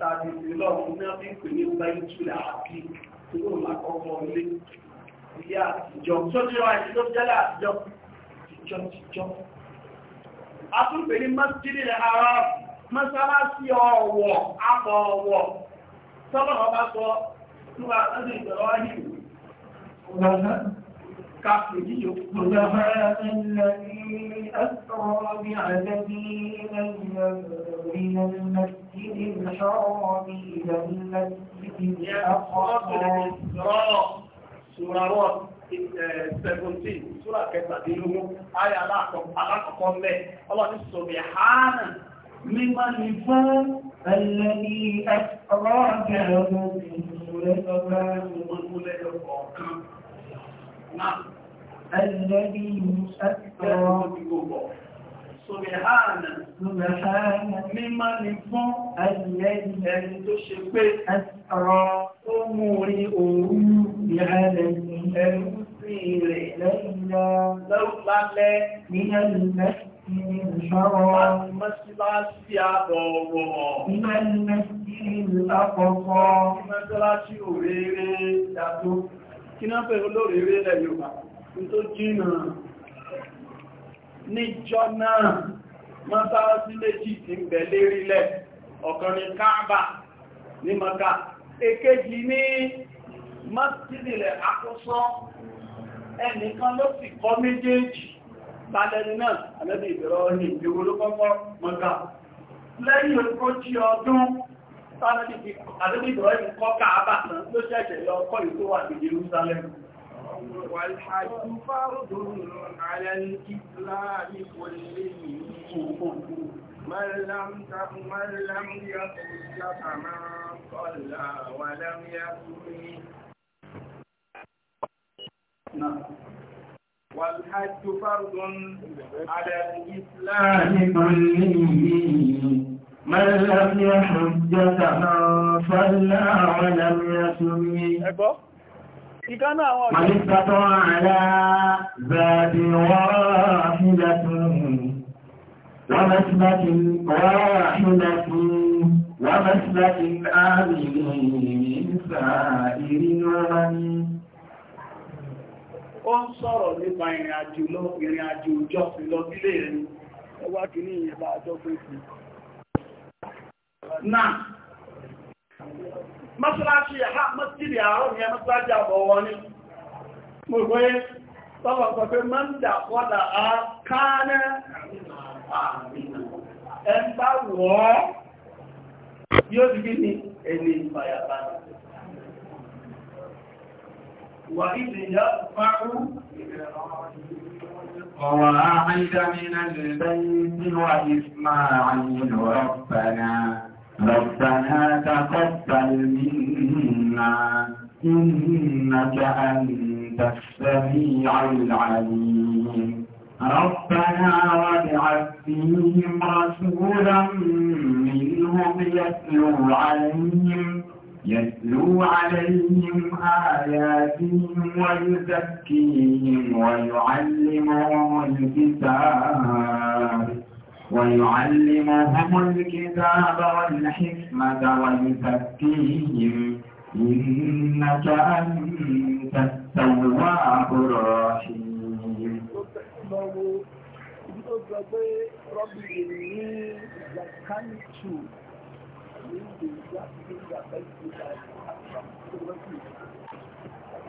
tàbí ìlọ́run náà bí pè ní báyìtúlà àbí tó ló máa kọ́kọ́ ilé ilé àtijọ́ tó jẹ́ wáyé tó jẹ́lẹ̀ àtijọ́ tìjọ́ tìjọ́ a tún pè ní masjid ara mọ́sálásí ọ̀wọ̀ apọ̀ ọ̀wọ̀ tọ́lọ̀ ọba sọ nígbà tó ti ìgbẹ̀rọ wáyé كافرين سبحان الذي أسرى بعبده ليلا من المسجد الحرام إلى المسجد الأقصى سورة seventeen sura kẹtàdínlógún ayé alákọ̀ọ́kọ́ mẹ́ ọlọ́ni sọ̀bìhánà mímọ́ ni fún ẹlẹ́ni ẹ̀kọ́ ọ̀gẹ̀rẹ̀ ọmọ ìrìnlẹ́gbẹ̀rẹ̀ ọmọ ìrìnlẹ́gbẹ̀rẹ̀ ọ̀kan náà الذي أكبر سبحانه مما نفون الذي أسرى أمور أمور بعالم المسير ليلا لولا من المسجد Mọ́síláṣí àbọ̀wọ̀. Ìmọ̀ ìmọ̀sílì àpọ̀pọ̀. Ìmọ̀síláṣí òrèrè ìdàtò. Kí náà pẹ̀lú olóòrèrè ilẹ̀ Yorùbá? tó jìnà níjọ́ náà mọ́sálásí méjì ti ń bẹ̀ lérílẹ̀ ọ̀kan ni káàbà ní maka èkejì ní mọ́sílẹ̀ àkóso ẹnìkan ló sì kọ́ méjèèjì tàlẹ́ni náà alẹ́bí ìbẹ̀rọ ní ìgbèwò maka lẹ́yìn ogójì ọdún tàlẹ́bí ìbẹ̀rọ ìkọ́ káàbà náà ló ṣẹ̀ṣẹ̀ lọ kọ́ ìtó wà ní Jerusalem والحج فرض على الإسلام كله من لم من لم يقل فمن صلى ولم يقل نعم. والحج فرض على الإسلام كله من لم يحج فمن صلى ولم يسمي ìkánú àwọn ọ̀dọ́. Màlíkàtọ̀ àlá zàdì ó ń sọ̀rọ̀ nípa ìrìn àjò lọ ìrìn àjò òjò lọ sílé ní sí náà mọ́sálásí ya àárọ̀ yẹn a àbọ̀wọ́ ya mo gbé tọ́wọ́ sọ pé ma ń dà kọ́dà á káánẹ́ ẹ̀ ń bá wọ́ yóò di bí ní ẹni ìfàyàbá wà ìdíyà fáwọn ọ̀rọ̀ àìdámínà lè bẹ́yìn nínú ربنا تقبل منا إنك أنت السميع العليم ربنا وابعث فيهم رسولا منهم يتلو عليهم يتلو عليهم آياتهم ويزكيهم ويعلمهم الكتاب ويعلمهم الكتاب والحكمة ويزكيهم إنك أنت التواب الرحيم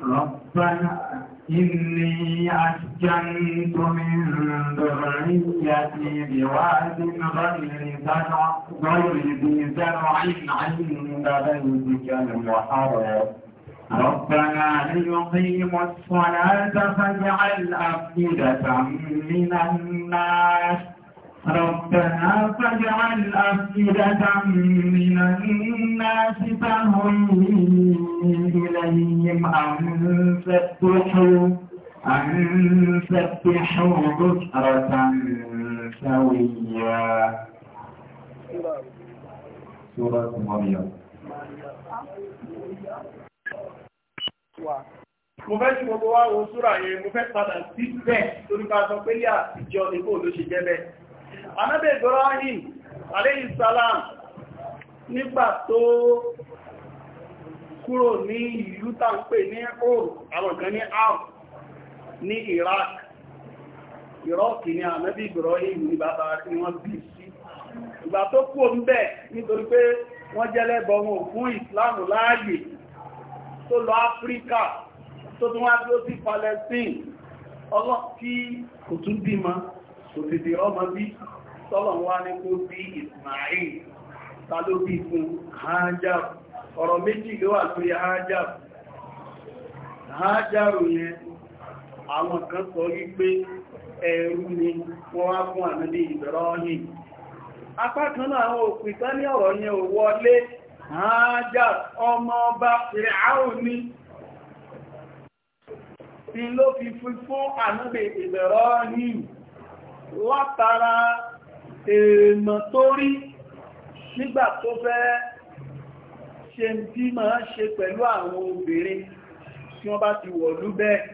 ربنا إني أسكنت من ذريتي بواد غير زرع ذي زرع عند بيتك المحرم ربنا ليقيم الصلاة فاجعل أفئدة من الناس ربنا فجعل أفئدة من الناس تهوي إليهم أن سبحوا أن سبحوا بكرة سويا سورة مريم mo fẹ́ tí gbogbo wá súra yẹn mo fẹ́ padà sí bẹ́ẹ̀ torí sọ pé ní àtijọ́ ni kò bẹ́ẹ̀ anábẹ̀ Ibrahim aleyhisalam nígbà tó kúrò ní ìlú tàǹpẹ̀ ní ọrù àwọn kan ní ní Iraq ni anábẹ̀ Ibrahim ní bàbá tí wọ́n bí sí ìgbà tó kú o nítorí pé wọ́n jẹ́lẹ́bọ wọn fún tún bí òtìtì ọmọ bí sọ́lọ̀n wá ní kó bí Ismail tàlóbí fún hajjab ọ̀rọ̀ méjì ló wà tó yẹ hajjab yẹn àwọn kan sọ wípé ẹ̀rú ni wọ́n wá fún ànábì Ibrahim apá kan náà àwọn ní ọ̀rọ̀ yẹn ò wọlé ọmọ ọba ni ló fi fún látara èèmọ̀ tó rí nígbà tó fẹ́ ṣe tí máa ṣe pẹ̀lú àwọn obìnrin tí wọ́n bá ti wọ̀lú bẹ́ẹ̀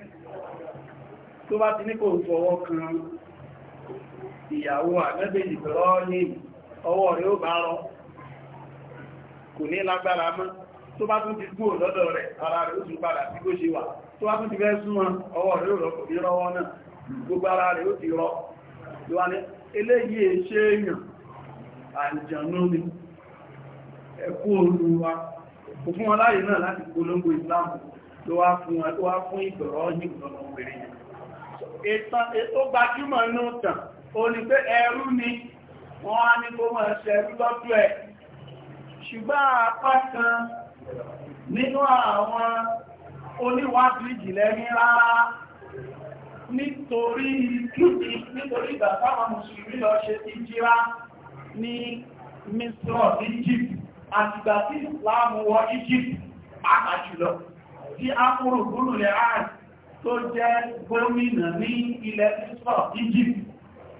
tó bá ti ní kò fọwọ́ kan ìyàwó àgbẹ́bẹ̀ ìbẹ̀rọ ní ọwọ́ rẹ̀ ó bá rọ kò ní lágbára mọ́ tó bá tún ti gbó lọ́dọ̀ rẹ̀ ara rẹ̀ ó tún padà sí kó ṣe wà tó bá tún ti fẹ́ súnmọ́ ọwọ́ rẹ̀ ó rọ kò ní rọwọ́ náà gbogbo ara rẹ̀ ó ti rọ ló wá ní eléyìí ṣe èèyàn àjànú ni ẹkú olú wa kò náà láti polongo Islam ló wá fún wọn ló wá fún ìgbọ̀rọ̀ ọ̀yìn lọ́nà obìnrin yẹn ìtàn ètò gbajúmọ̀ inú tàn ó ní pé ẹrú ni wọ́n á ní oníwádìí ìjìnlẹ̀ ní rárá nítorí júdì nítorí ìgbà táwọn mùsùlùmí lọ ṣe ti jíra ní misro egypt àtìgbà tí islam wọ egypt pàápàá jùlọ tí akúrò gúrù lè ráàrì tó jẹ́ gómìnà ní ilẹ̀ misro egypt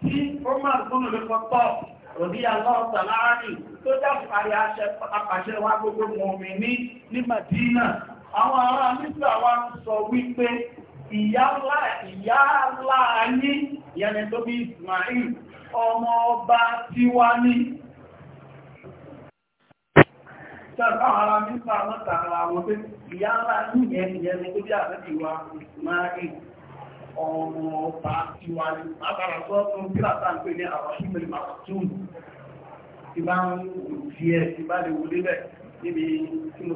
tí roman gúrù lè kọ́kọ́ òní aláọ̀tà láàárín tó dáfàrí apàṣẹ wa gbogbo mọ̀mí ní Madina àwọn ará mísà wa ń sọ wípé ìyá ńlá ìyá ńlá ní ìyẹni tó bí Ismail ọmọ ọba tiwa ní ṣẹ́gbà ara nípa mọ́ta ara wọn pé ìyá ńlá ní ìyẹni ìyẹni tó bí àfẹ́kìwá Ismail ọmọ ọba tiwa ní látara sọ́ fún kíláta ń pè ní àwọn ìmìlì màtún ìbá ń wò sí ẹ̀ ìbá lè wọlé bẹ̀ níbi tí mo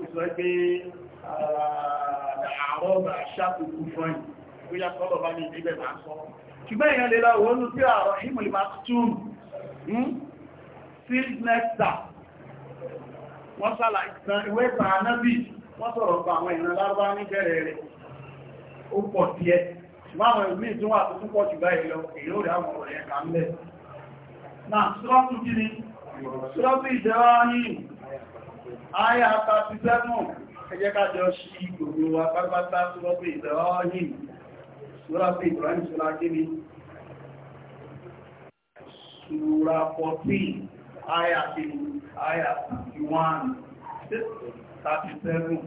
àrọ́bà ṣùgbọ́n èèyàn lè láwọ́ ní tí àrọ̀ himul maktum hmm? sílnẹ́ta wọ́n sàlà ìtàn ìwé ìtàn anábì wọ́n sọ̀rọ̀ pa àwọn ìran lárúbá ní bẹ̀rẹ̀ rẹ̀ ó pọ̀ díẹ̀ ṣùgbọ́n àwọn ìlú ìtún wà tó tún pọ̀ kan ẹjẹ́ kájọ sí gbogbo wa pátápátá sọ́rọ́pẹ̀ ìdọ́ọ̀yìn sọ́rọ́pẹ̀ ìbúrání sọ́rọ́ akéde sura 14 aya kìí aya 31 37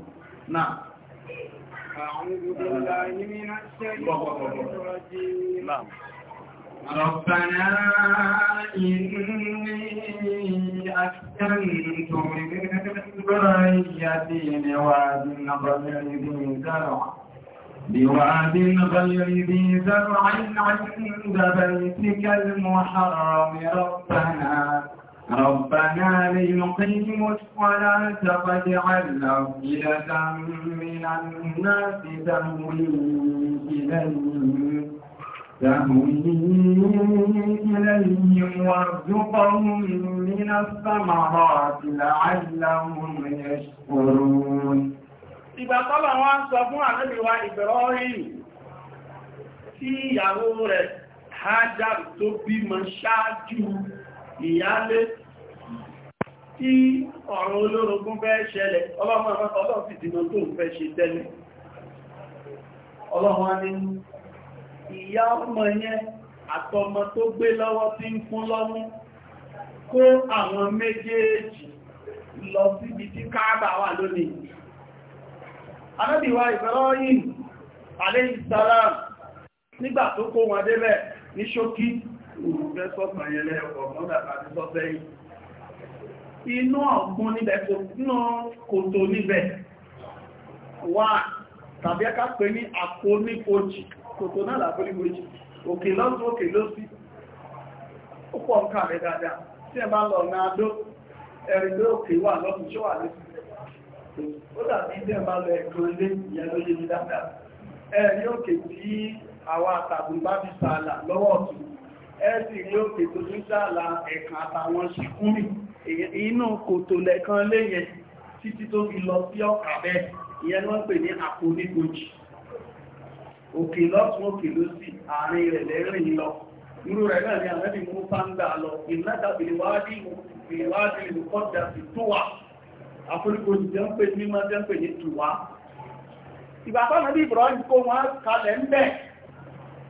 náà أعوذ بالله من الشيطان الرجيم ربنا إني أكتنت من ذريتي بواد غير ذي زرع بواد غير ذي زرع عند بيتك المحرم ربنا ربنا ليقيموا الصلاة فاجعل أفئدة من الناس تهوي إليهم تهوي إليهم وارزقهم من الثمرات لعلهم يشكرون Ìgbà tọ́lọ̀ wọn sọ fún ànábì wa Ìbráhìm tí ìyàwó rẹ̀ Hajar tó bímọ ṣáájú ìyálé tí ọ̀rọ̀ olórogún fẹ́ ṣẹlẹ̀, ọlọ́mọ ọ̀rọ̀ ọlọ́fìdìmọ̀ tó ń fẹ́ ṣe tẹ́lẹ̀. Ọlọ́run ìyá ọmọ yẹn àtọmọ tó gbé lọ́wọ́ tí ń fún lọ́mú kó àwọn méjèèjì lọ síbi tí káàbà wà lónìí anábìwá Ibrahim alayhi salam nígbà tó kó wọn débẹ̀ ní ṣókí òrùfẹ́ sọ́pàá yẹn lẹ́ẹ̀kọ̀ mọ́dà àti sọ́fẹ́ yìí inú ọ̀gbọ́n níbẹ̀ tó nínú kòtò níbẹ̀ wà tàbí ká pè ní àkóníkojì kòtò náà làbórí méjì òkè lọ́sùn òkè lọ́sí ó pọ̀ ń kà rẹ̀ dáadáa tí ẹ bá lọ náà dó ẹ̀rìn ló òkè wà lọ́sùn tí ó wà lọ́sùn ó dàbí tí ẹ bá lọ ẹ̀kọ́ ilé ìyẹn ló yé mi dáadáa ẹ̀rí òkè tí àwọn àtàbí bá fi sàálà lọ́wọ́ ọ̀tún ẹ̀sì rí òkè tó tún sàálà ẹ̀kan àtàwọn ṣìkúrì inú kòtò lẹ́kan léyẹn títí tó fi lọ sí ọ̀kà bẹ́ẹ̀ ìyẹn wọ́n pè ní àpò nígbòjì òkè lọ́tún òkè ló sì àárín rẹ̀ lẹ́rìn lọ irú rẹ̀ náà ni àmẹ́bí mú pàǹdà lọ ìlàtàbìlì wáádìí ìwádìí ìlúkọ́dà sí tó wà àforíkojì jẹ́ ń pè ní máa jẹ́ ń pè ní tùwá ìgbàtọ́ náà bí ìbọ̀rọ̀ ìkó wọn kalẹ̀ ń bẹ̀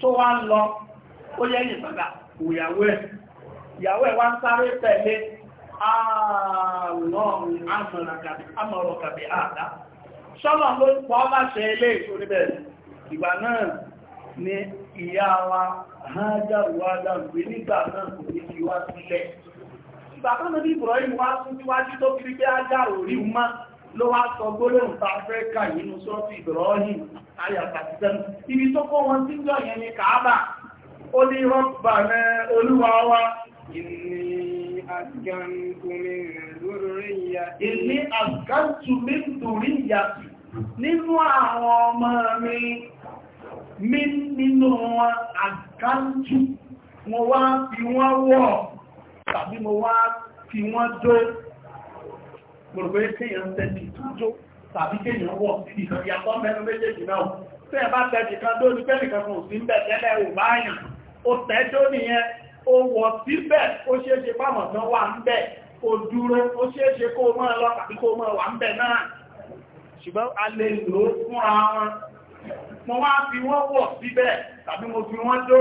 tó wá ń lọ ó yẹ́yìn bàbá òyàwó ẹ̀ ìyàwó ẹ̀ wá ń sáré tẹ̀lé ààrùn àmọ̀rọ̀kàbí àdá sọ́nà ló pọ̀ láṣẹ ilé ìṣòrí bẹ̀rẹ̀ ìgbà náà ni ìyá wa hájáwádá gbé nígbà náà kò ní fi wá sílẹ̀ ìgbà kan náà ní Ibrahim wá tún síwájú tó kiri pé ájáró rí má ló wá sọ gbólóhùn tá fẹ́ kà nínú sọ́ọ̀tì Ibrahim ibi wọn yẹn ní nínú àwọn ọmọ mi mí nínú wọn àkáńtù mo wá fi wọ́n wọ̀ tàbí mo wá fi wọ́n jó gbogbo kéèyàn tẹ́tì tó jó tàbí kéèyàn wọ̀ ìyàtọ̀ mẹ́nu méjèèjì náà tí ẹ bá kan tó ní kan ò sí ń bẹ̀ tẹ́lẹ̀ ò ó tẹ́jó nìyẹn ó síbẹ̀ ó ṣeéṣe pàmọ̀ wà ń bẹ̀ ó dúró ó ṣeéṣe kó mọ́ mo wá fi wọ́n wọ̀ síbẹ̀ tàbí mo fi wọ́n dó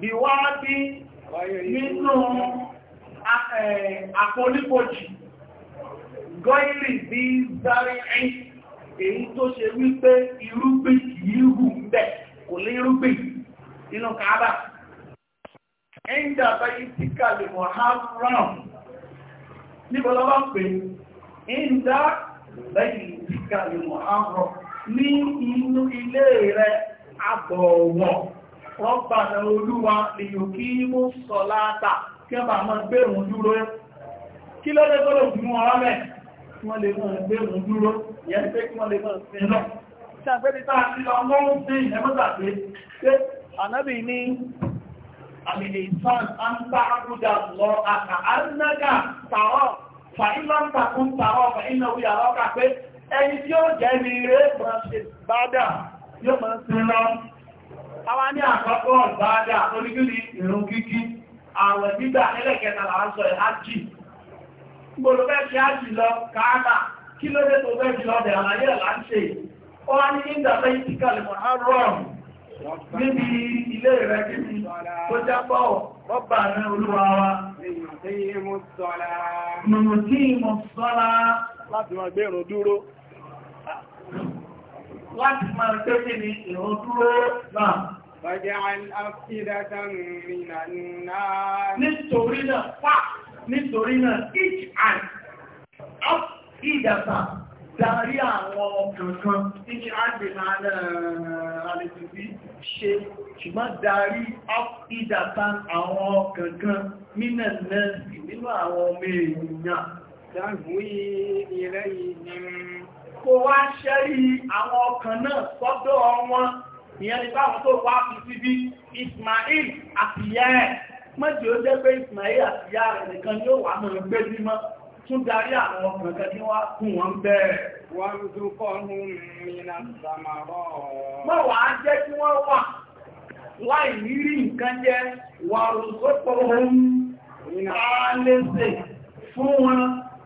bí wá bí nínú àpolípojì gọ́ìrì bí zárí ẹ̀yìn èyí tó ṣe wípé irúgbìn kìí hù ń bẹ̀ kò lè irúgbìn nínú kàábà ẹ̀yìndà báyí tí kàlẹ̀ mọ̀ hàrùn níbọ̀lọ́wọ́ pé ẹ̀yìndà báyí tí kàlẹ̀ mọ̀ hàrùn ní inú ilé rẹ̀ àbọ̀wọ̀ rọ́gbàna olúwa lèyò kí mú sọ láta kẹba mọ́ gbẹ̀rún dúró kí ló dé tọ́lọ̀ jù wọ́n rẹ̀ kí wọ́n lè mọ́ gbẹ̀rún dúró yẹn pé kí wọ́n lè mọ́ sí lọ ṣàgbẹ́ni táà sí lọ mọ́rún sí ìyẹ́mọ́tàgbé pé ànábì ní àmìlìsàn an bá àkúdà lọ àkà àrínágà tàọ́ fà ìlànà kún ẹni tí ó jẹ́ ní eré máa bádà yóò máa ṣe lọ àwa ní àkọ́kọ́ bádà onígbìlì ìrun kíkí àwẹ̀ gbígbà ẹlẹ́kẹta sọ gbogbo fẹ́ ṣe ájì lọ káàkà kí ló dé tó fẹ́ jù lọ́dẹ̀ àlàyé ẹ̀ ṣe ó wá ní ìdàfẹ́ ìtìkàlẹ̀ mọ̀ láti máa tó kí ni ìrún dúró náà. Bọ̀dẹ̀ àfíìdátà mìíràn náà. Nítorí náà, fà nítorí náà, each and àfíìdátà darí àwọn ọkùnkan, each and the man alẹ́sìsí ṣe, ṣùgbọ́n darí àfíìdátà àwọn ọkùnkan mínà náà nínú àwọn ọmọ èèyàn. Dáhùn ilẹ̀ ìyìn kó wá ṣẹ́rí àwọn ọkàn náà sọ́dọ̀ wọn ìyẹn ni báwọn tó wá fi síbí Ismail àtìyá ẹ̀ mọ́jì ó jẹ́ pé Ismail àtìyá rẹ̀ nìkan ni ó wà mọ́ gbé bímọ́ tún darí àwọn ọkàn kan tí wọ́n kún wọn bẹ́ẹ̀. wọ́n tó kọ́ ọ̀hún mi náà sàmàrọ̀. mọ́ wàá jẹ́ kí wọ́n wà láì rírí nǹkan jẹ́ wà rùsọ́pọ̀ ohun fún wọn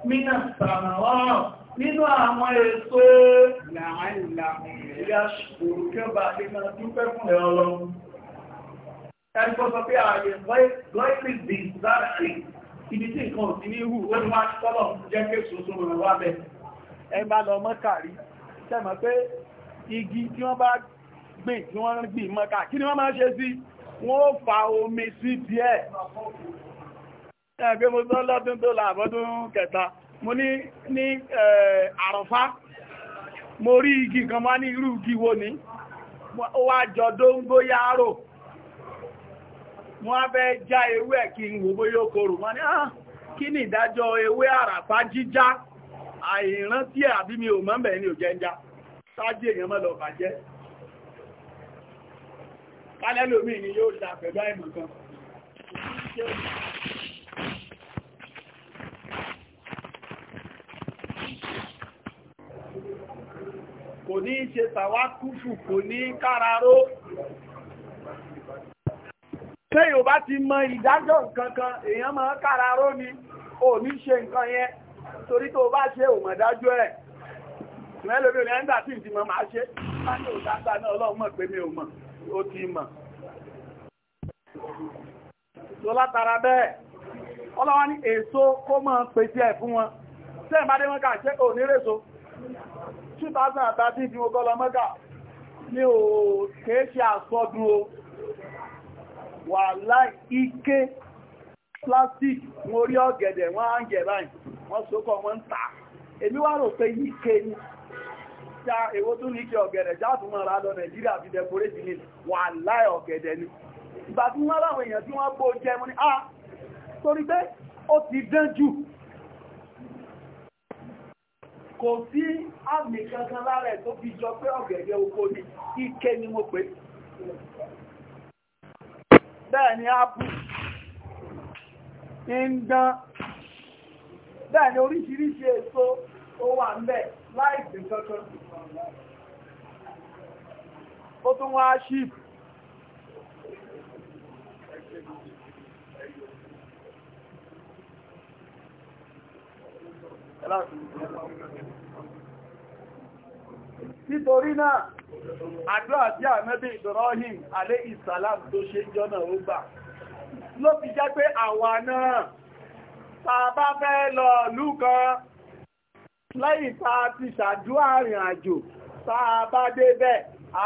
mínà sàmàrọ̀ nínú àwọn èso ìyàṣòrókẹ́bà nínú dúpẹ́ fún ẹ̀ ọlọ́run ẹgbọ́ sọ pé ààyè lọ́ìlì dì sáàrì ibi tí nǹkan ò sí ní hù ó ní wá ní tọ́lọ̀ jẹ́ ké soso rẹ̀ wá bẹ̀ ẹ bá lọ mọ́kàrí sẹ́mọ̀ pé igi tí wọ́n bá gbìn tí wọ́n gbìn mọ́kà kí ni wọ́n máa ṣe sí wọ́n fa omi sí díẹ̀ ẹgbẹ́ mo sọ lọ́dún tó làbọ́dún kẹta mo ní ní àrọ̀fá mo rí igi kan ma ní irú igi wo ni jọdó wá jọ dóngóyárò wọ́n á já ewé ẹ̀ kí n wò bóyá wọ́n ní ah kí ni ìdájọ́ ewé àràpá jíjá àìrántí àbí mi ò mọ́mẹ̀ ní òjẹ́ ń já èèyàn mọ́lọ lọ bàjẹ́ kò ní ṣe tàwákúfù kò ní káraró tẹ́yìn ò bá ti mọ ìdájọ́ kankan èèyàn máa káraró ni ò ní ṣe nǹkan yẹn torí tó bá ṣe ò mọ̀ dájọ́ ẹ̀ mẹ́lòmí ò ní ẹ́ńdà tí ìdí mọ́ máa ṣe má ní òdáta náà ọlọ́run mọ̀ pé mi ò mọ̀ ó ti mọ̀ tó látara bẹ́ẹ̀ ọlọ́wọ́ ní èso kó mọ̀ pèsè ẹ̀ fún wọn tẹ́ẹ̀ bá dé wọn kà ṣe ò ní rèso 2013 ni mo gọ́lọ mọ́gà ní o kéèṣì àsọdún o wà láì ike plastic mo rí ọ̀gẹ̀dẹ̀ wọ́n á ń jẹ báyìí wọ́n sókọ̀ wọ́n ń tà èmi wá rò pé ike ni já èwo tó ní ike ọ̀gẹ̀dẹ̀ jáàtùmọ̀ ra lọ Nàìjíríà fi dẹkoréjì ní wà láì ọ̀gẹ̀dẹ̀ ni ah torí pé ó ti kò sí àmì kankan lára ẹ̀ tó fi jọ pé ọ̀gẹ̀gẹ̀ oko ni ike ni mo pè bẹ́ẹ̀ ni ápù ń dán bẹ́ẹ̀ ni oríṣiríṣi èso ó wà ń bẹ̀ láìsí kankan ó tún wá ṣíìpù Gracias. nítorí náà àdúrà tí ànábì Ibrahim alayhi salam tó ṣe jọ́nà ó gbà ló fi jẹ́ pé àwa náà tàbá fẹ́ lọ lúkan lẹ́yìn tá a ti ṣàdúrà rìn àjò tá a bá débẹ̀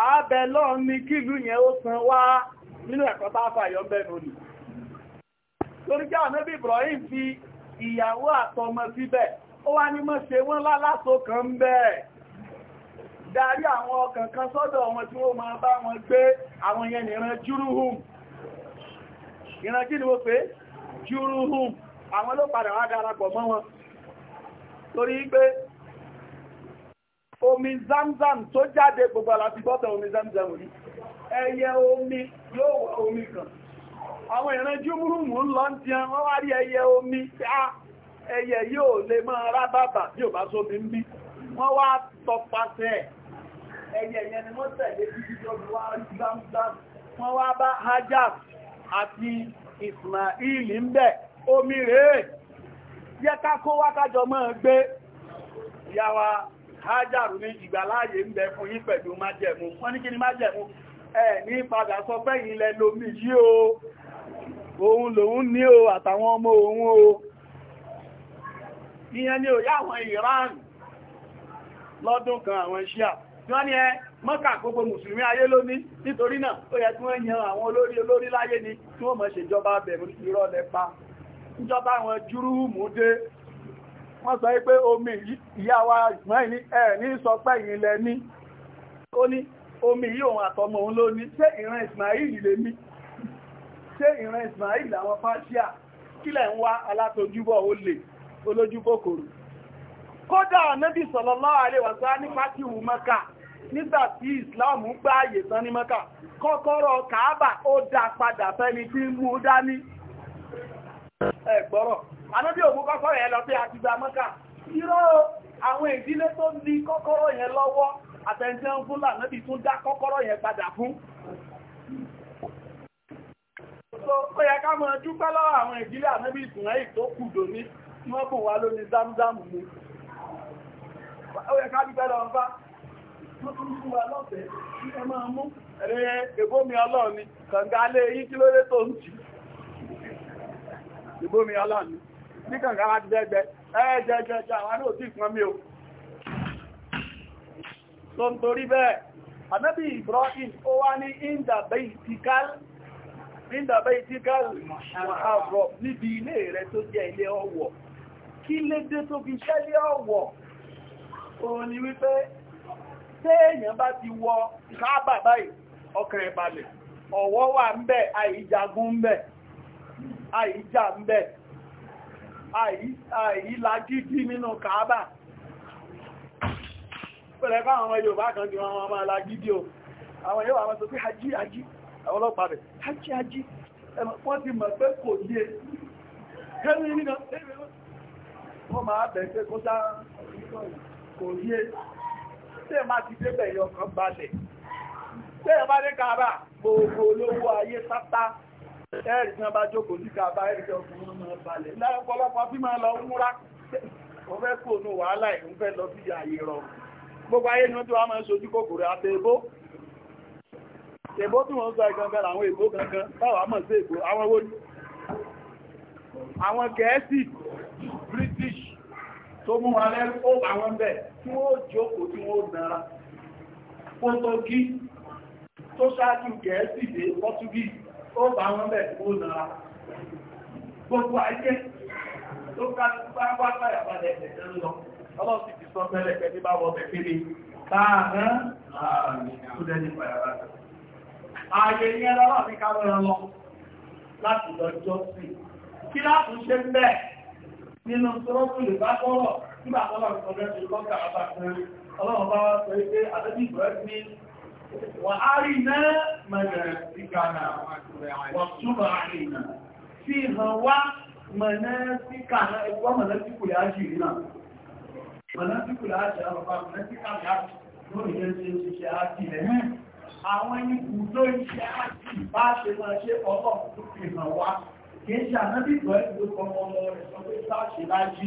àábẹ̀ lọ́n ní kílù yẹn ó san wá nínú ẹ̀kọ́ tá a fà yọ bẹ́ẹ̀ lónìí torí jẹ́ ànábì Ibrahim fi ìyàwó àtọmọ síbẹ̀ ó wá ní mọ́ ṣe wọ́n láláso bẹ́ẹ̀ darí àwọn ọkàn kan sọ́dọ̀ wọn tí wọ́n máa bá wọn gbé àwọn yẹn ìran júrúhùn ìran kí ni wọ́n pé júrúhùn àwọn ló padà wá darapọ̀ mọ́ wọn torí pé omi zamzam tó jáde gbogbo àti bọ́tọ̀ omi zamzam rí ẹyẹ omi yóò wọ omi kan àwọn ìran júrúhùn ń lọ ń tiẹ̀ wọ́n wá rí ẹyẹ omi ah, ẹyẹ yóò lè máa rábàbà bí ò bá sóbi ń bí wọ́n wá tọpasẹ̀ ẹyẹ ni wọ́n tẹ̀lé títí tó fi wá gbámgbám wọ́n wá bá hajjab àti ismail ń bẹ̀ omi rèé yẹ ká kó wákàjọ mọ́ gbé yàwá hajjab ní ìgbàláyé ń bẹ fún yín pẹ̀lú májẹ̀mú wọ́n ní kí ni májẹ̀mú ẹ̀ ní padà sọ pé ilẹ̀ lomi yí o òun lòun ní o àtàwọn ọmọ òun o ìyẹn ni ò yá àwọn Iran lọ́dún kan àwọn Shia wọ́n ní ẹ mọ́kà gbogbo mùsùlùmí ayé lónìí nítorí náà ó yẹ tí wọ́n yan àwọn olórí olórí láyé ni tí wọ́n mọ̀ ṣèjọba bẹ̀rù irọ́ lẹ́pa níjọba àwọn júrúùmù dé wọ́n sọ pé omi ìyá wa ìgbọ́n ní ẹ̀ ní sọ pé ìrìnlẹ̀ ní ó omi yìí òun àtọmọ òun ló ní ṣé ìran Ismail lè mí ṣé ìran Ismail àwọn fásíà kílẹ̀ ń wá alátojúbọ̀ ó lè olójúkòkòrò kódà Ànábì sallallahu alaihi wasallam ní pátí wù Mẹ́kà nígbà tí Islam gba àyè tán ní Mẹ́kà kọ́kọ́rọ́ Kàábà ó dá padà fẹ́ni tí ń mú dání ẹ̀gbọ́rọ̀ anábí òmú kọ́kọ́rọ́ yẹn lọ sí àti gba Mẹ́kà irọ́ àwọn ìdílé tó ní kọ́kọ́rọ́ yẹn lọ́wọ́ àtẹ̀jẹ́ ń fún lànàbí tún dá kọ́kọ́rọ́ yẹn padà fún ó yẹ ká mọ̀ dúpẹ́ lọ́wọ́ àwọn ìdílé ànábì ìsìnlẹ̀ tó kù dòní wọ́n bùn wá lóní zamzam mú ó yẹ ká dúpẹ́ lọ́wọ́ tó tún fún wa lọ́fẹ̀ẹ́ kí ẹ máa mú ẹ̀rẹ́ ìbómi ọlọ́ọ̀ni kànga alẹ́ yí kí ló dé tó ń jì ìbómi ọlọ́ọ̀ni ní kànga wá ti dẹ́gbẹ́ ẹ́ẹ̀jẹ́jẹ́ àwọn náà tí ìpọn mi o tó ń torí bẹ́ẹ̀ anábì Ibrahim ó wá ní ìdàbẹ́ ìtíkàl àrọ̀ níbi ilé rẹ̀ tó jẹ́ ilé ọwọ̀ kí lédé tó fi ṣẹ́lé ọwọ̀ téèyàn bá ti wọ káàbà báyìí ọkàn ìbalẹ̀ ọ̀wọ̀ wà ń bẹ àìjagun ń bẹ̀ àìjà ń bẹ àìlagídí nínú káàbà pẹ̀lẹ̀ àwọn kan jù wọn máa o àwọn Yorùbá sọ pé ọlọ́pàá rẹ̀ wọ́n ti tẹ́ máa ti débẹ̀ yọ kan balẹ̀ tẹ́ bá dé kàbà gbogbo olówó ayé sátá ẹ̀rì tí wọ́n bá jókòó sí kàbà ẹ̀rì tí ọkùnrin máa balẹ̀ lọ́pọ̀lọpọ̀ bí máa lọ múra wọ́n fẹ́ kó nù wàhálà ìrún fẹ́ lọ sí ààyè rọ gbogbo ayé ni ó tó wá máa ń sojú kòkòrò àti èbó èbó tí wọ́n sọ ìgangan àwọn èbó gangan báwa mọ̀ sí èbó àwọn owó àwọn gẹ̀ẹ́sì British tó mú wọn lẹ́rú ó bá wọn bẹ̀ tí wọ́n jókòó tí wọ́n nara pótógí tó ṣáájú gẹ̀ẹ́sì dé pọ́túgí ó bá wọn bẹ̀ ó nara gbogbo ayé tó ká bá wá báyà bá lẹ́ẹ̀ẹ́ lọ ọlọ́run sì ti sọ pẹ́lẹ̀ pẹ́lú bá wọ́n bẹ̀ kéde káàkán ààrùn tó dẹ́ni nínú tọ́rọ́kùnlé bá kọ́rọ̀ nígbà tọ́lọ̀ ìtọ́jẹ́ ìlọ́kà àbàkan ọlọ́run bá wá sọ pé àdẹ́bí ìbẹ̀rẹ̀ ní wà á rí náà mẹ́rẹ̀ síkànà wọ́n túnbà rí náà fi hàn wá mẹ́rẹ̀ síkànà ẹgbọ́ mẹ́rẹ̀ síkùlẹ̀ ájì rí náà mẹ́rẹ̀ síkùlẹ̀ ájì àwọn bá mẹ́rẹ̀ síkànà lórí yẹn ṣe ṣiṣẹ́ ájì rẹ̀ bá ṣe máa ṣe ọlọ́run fi hàn wá kìí ṣe ànábì ìgbọ́ ẹ̀kú ló kọ́ ọmọ ọmọ rẹ̀ sọ pé sáàṣì láàjì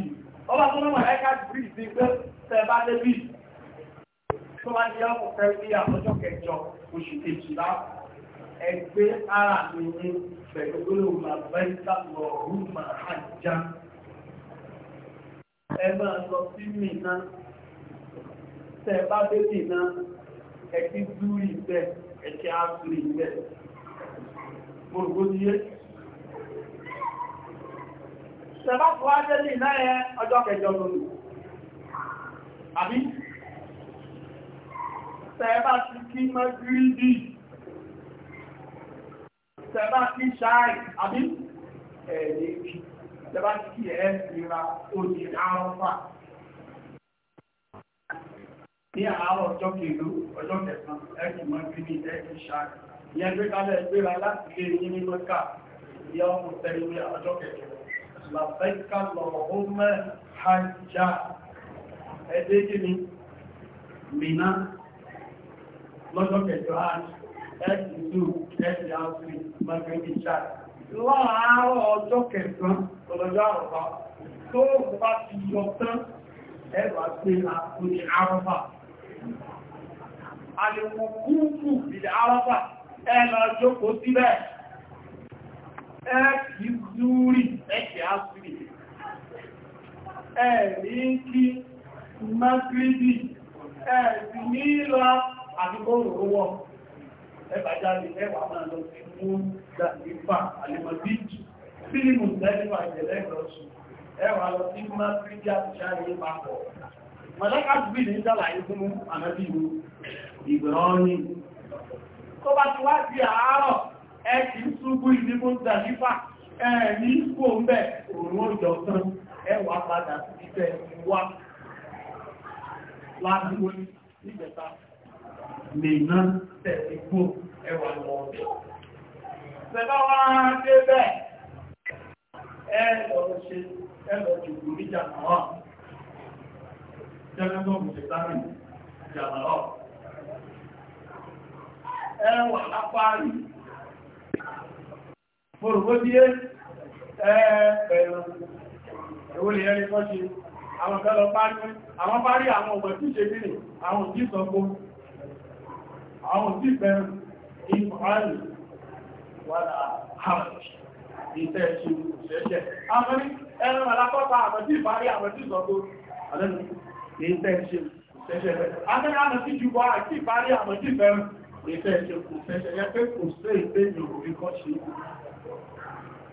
ọba tó lọ́wọ́ ẹ̀ka jùlọ ìsìn pé tẹ bá débì tó bá jẹ́ ọkọ̀ fẹ́ bí àtọ́jọ́ kẹjọ oṣù kejìlá ẹgbẹ́ ara mi ní pẹ̀lú gbólóhùn àbẹ́ńtà lọ rúmà àjá ẹ máa lọ sí mìíràn tẹ bá débì náà ẹ̀kí dúrì bẹ́ẹ̀ ẹ̀kí á dúrì bẹ́ẹ̀ gbogbo yẹn ìṣẹ̀bá tó wá jẹ́ ní ìlẹ́yẹ ọjọ́ kẹjọ lórí àbí tẹ́ẹ̀bá ti kí mẹ́gírídì tẹ́ẹ̀bá ti ṣáì àbí ẹ̀ẹ́lẹ́kì tẹ́ẹ̀bá ti kí ẹ̀ẹ́ ìra òjì àrọ́fà ní àárọ̀ ọjọ́ kèlú ọjọ́ kẹsàn ẹ̀kì mẹ́gírídì ẹ̀kì ṣáì ìyẹn gbé kalẹ̀ gbéra láti lè yí ní mẹ́kà ìyá ọmọ tẹ́lẹ̀ ọjọ́ kẹjọ لبيك اللهم حجا ẹ̀dẹ́gí ni mìíná lọ́jọ́ kẹjọ àti ẹ̀sìtú ẹ̀sì àti magrini chad láàárọ̀ ọjọ́ kẹsàn ọlọ́jọ́ àrọ̀fà tó bá ti yọ tán ẹ̀bà pé àkúni àrọ̀fà alìmọ̀kúnkù ìdí àrọ̀fà ẹ̀lọ́jọ́ kò síbẹ̀ ẹ́ẹ̀kì zúrí ẹ́ẹ̀kì áfírí ẹ̀ẹ̀rí kí mákírídì ẹ̀ẹ̀sì ní ìlà àdúgbò òwò ẹbàjáde ẹwà máa lọ sí mú ìfà àlèmọ̀bí fílìmù lẹ́nu àjẹ̀lẹ́ ìrọ̀sùn ẹwà lọ sí mákírídì àtìṣáyé papọ̀ mọ̀lẹ́kà bí ní sàlàyé fún ànábì ìgbẹ̀rọ̀ ní tó bá ti wá di àárọ̀ ẹ ti ṣubú ìdíbò dànífà ẹ̀ẹ̀ní kò ń bẹ̀ òun òjò tán ẹwà padà ìfẹ́ wá lásìkò ìjẹta lè náà tẹ̀lé kó ẹwà lọ ọ̀dẹ̀. Ṣẹ̀bá wá dé bẹ̀ ẹ lọ́rọ̀ ṣe ẹlọ jùlọ ní jàmàá jẹ́gbẹ́gbọ́n ìjẹ̀tàrí jàmàá ẹwà lápá rí fòrògbó bí é ẹ̀ẹ̀ẹ̀ẹ̀rù ìwò lè ẹni kọ́ ṣe àwọn ìfẹ́lọ parí àwọn parí àwọn ọ̀gbọ̀n tí ṣe gínì àwọn òjí sọgbó àwọn òjí bẹ̀rù ìfààlì wàlà ìtẹ́ ṣe ṣẹ́ṣẹ́ àwọn ẹran alákọ́ta àwọn tí ìparí àwọn tí sọgbó alẹ́nu ìtẹ́ ṣe ṣẹ́ṣẹ́ bẹ̀rẹ̀ àwọn tí jùbọ́ àti ìparí àwọn tí bẹ̀rù ìtẹ́ ṣe ṣẹ́ṣẹ́ yẹ pé kò sí ìpé ìròyìn kan ṣe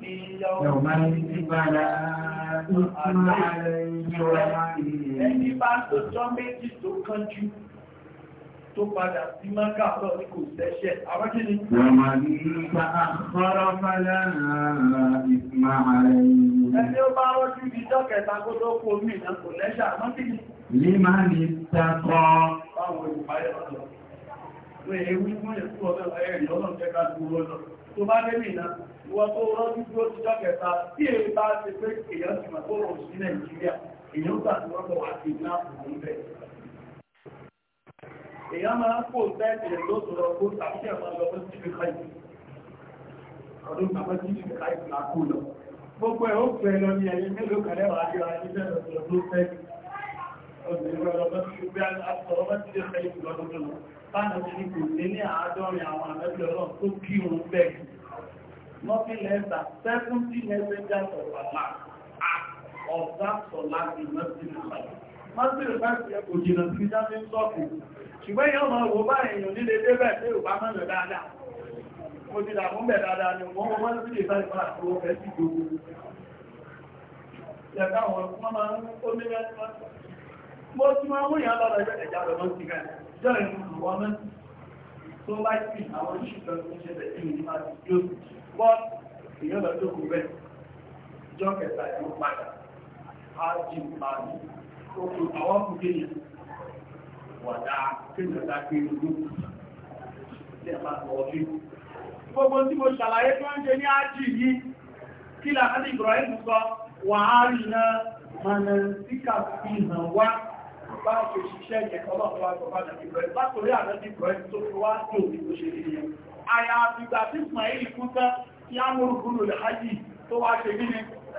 Ẹni bá tó tọ́ méjì tó kánjú tó padà sí Mákà lọ ní kò sẹ́ṣẹ̀. Àwọn kí ni? Wọ́n máa ní ipa àkọ́rọ̀ fàyà ìsìnmá ààrẹ yìí. Ẹni ó bá rọ́jú ní jọ́kẹta kó tó kó mì náà kò lẹ́ṣà. Wọ́n kí ni? Lé máa ní takọ́. Báwo ìpáyẹ̀ ọ̀dọ̀? Wé ewu fún ẹ̀kú ọ̀dọ̀ ẹ̀rìn ìwọ́n tó rántí tí ó ti jọ kẹta tí èyí bá ṣe pé èyàn ti mọ̀ bọ́rọ̀ sí nàìjíríà èyàn gbà tí wọ́n bọ̀ wá sí ìlà òun bẹ̀. èyàn máa ń kó tẹ́ẹ̀tì rẹ̀ lóṣù lọ kó tàbí ẹ̀mọ́ lọ fún tv káìsì ọdún tàbí tv káìsì là kó lọ. gbogbo ẹ̀ ó fẹ́ lọ ní ẹ̀yìn mélòó kan lẹ́wàá ayé wa níbẹ̀ tó fẹ́ obìnrin ọlọ́gbọ́n ti gbé àtọ̀rọ̀gbọ́n ti lè fẹ́ ìgbọ́dọ̀ lọ. báyọ̀ ti tó kí òun nothing less than seventy messengers of Allah are observed for last in Masjid al-Fatih. Masjid al-Fatih kò jìnà sí jáde ń sọ́kù. Ṣùgbọ́n yóò máa wò bá èèyàn nílé débẹ̀ pé ò bá mọ́nà dáadáa. Mo ti dààmú bẹ̀ dáadáa ni wọ́n wọ́n sí lè báyìí máa tó ọ̀fẹ́ sí gbogbo. Yàtá àwọn ọmọ máa ń kó ní mẹ́ta. Mo ti máa mú ìyá lọ́dọ̀ ẹgbẹ́ ẹ̀já lọ́dọ̀ sí ká. Jọ́ ìlú wọn mẹ́ta. Tó bá sì àwọn oṣù kan tó ṣẹlẹ̀ sí ìlú máa ti yóò bọ́ èèyàn lọ jókòó bẹ́ẹ̀ jọ kẹta ẹ̀ ń padà á jí ìpàdé òkú àwọn kù kéèyàn wàdá kéèyàn dá pé Gbogbo tí mo ṣàlàyé tó ń ṣe ní ájì yìí kí làkàtà Ibrahim sọ wàhálì náà mọ̀nà síkà fi hàn wá bá ṣe ṣiṣẹ́ yẹn ọlọ́run wá gbọ́gbà nàbí rẹ̀ látòrí àrẹ́bí rẹ̀ tó fi wá tó ní tó ṣe rí yẹn àyà àfìgbà tí Ismail kú tán tí a mú rúgbùnú lè hájì tó wá ṣe ní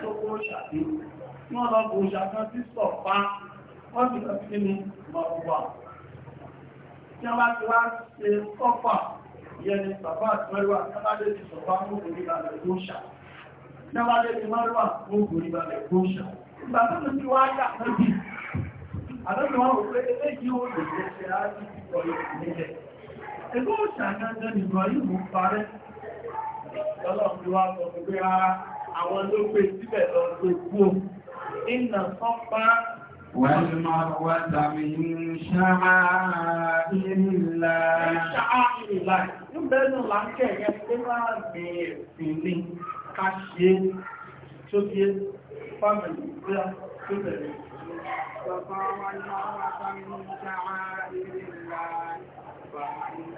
tó kó ṣàdé wọ́n lọ bò ṣàtàn sí sọ̀pá wọ́n sì lọ sí ní mọ̀wà tí a bá ti àdọ́bí wọn ò pé eléyìí ó lè ṣe ṣe láti ìkọ̀ ìpínlẹ̀ ẹgbẹ́ òṣàgájọ́ nìkan yìí mú parẹ́ lọ́lọ́pìwá sọ pé ara àwọn ló gbé síbẹ̀ lọ tó kú o iná sọ́pá wọ́n máa wá dàmì ṣáà ìrìnlá فصار المرأة من شعائر الله فمن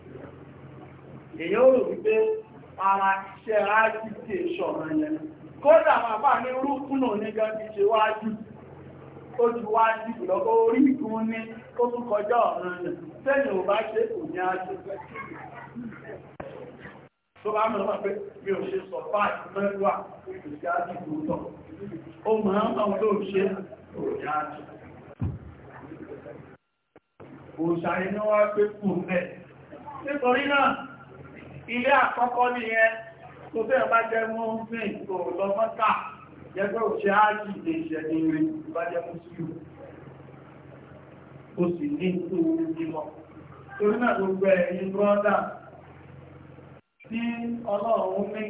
èyàn rò wípé ara iṣẹ́ ájú tí èṣọ́ ọ̀rọ̀ yẹn kódà bàbá ní rúkúnà onígan ti ṣe wájú ó ti wájú lọ́kọ́ orí ìgbón ní ó tún kọjá ọ̀rọ̀ yẹn sẹ́yìn ò bá ṣe kò ní ájú tó bá mọ̀ pé mi ò ṣe sọ fáàtì mẹ́rùwà ìṣẹ́ ájú tó tọ̀ ó mọ̀ ọ́n mọ̀ tó ṣe kò ní ájú òṣàyẹnú wá pé kù mẹ́ nítorí náà ilé àkọ́kọ́ nìyẹn tó bẹ́ẹ̀ bá jẹ́ mú sí ìtò lọ́mọ́ta jẹ́gbẹ́ òṣẹ́ ájì lè ṣẹ̀dẹ̀ rẹ̀ bá jẹ́ mú sí o sì ní tó mímọ́ torí náà gbogbo ẹ̀yin brọ́dà tí ọlọ́run ní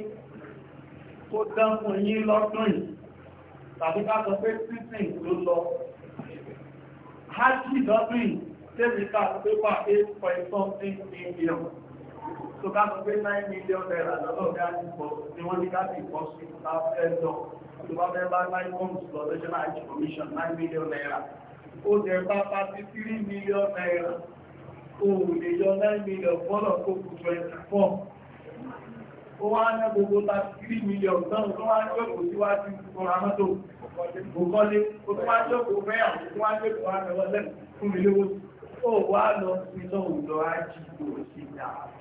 kó dánkùn yín lọ́dún yìí tàbí ká sọ pé sísìn ló lọ ájì lọ́dún yìí tẹ́bí ká pé pàdé pẹ̀lú something million tó ká sọ pé nine million naira lọ́dọ̀ bí a ti pọ̀ ni wọ́n ní ká sì pọ̀ sí ta fẹ́ lọ tó bá fẹ́ bá nine comes lọ national health commission nine million naira ó jẹ bá thirty three million naira ó lè yọ nine million fọ́lọ̀ tó kù twenty four ó wá ní gbogbo thirty three million náà tó wá ní òkú síwájú ọ̀rọ̀ amọ́tò òkọ́lé ó tó wá ní òkú fẹ́yàwó tó wá ní òkú wá ní ọlẹ́kùn fún mi lówó ó wá lọ sí lọ́wọ́ lọ́wọ́ ájì lòsì dáa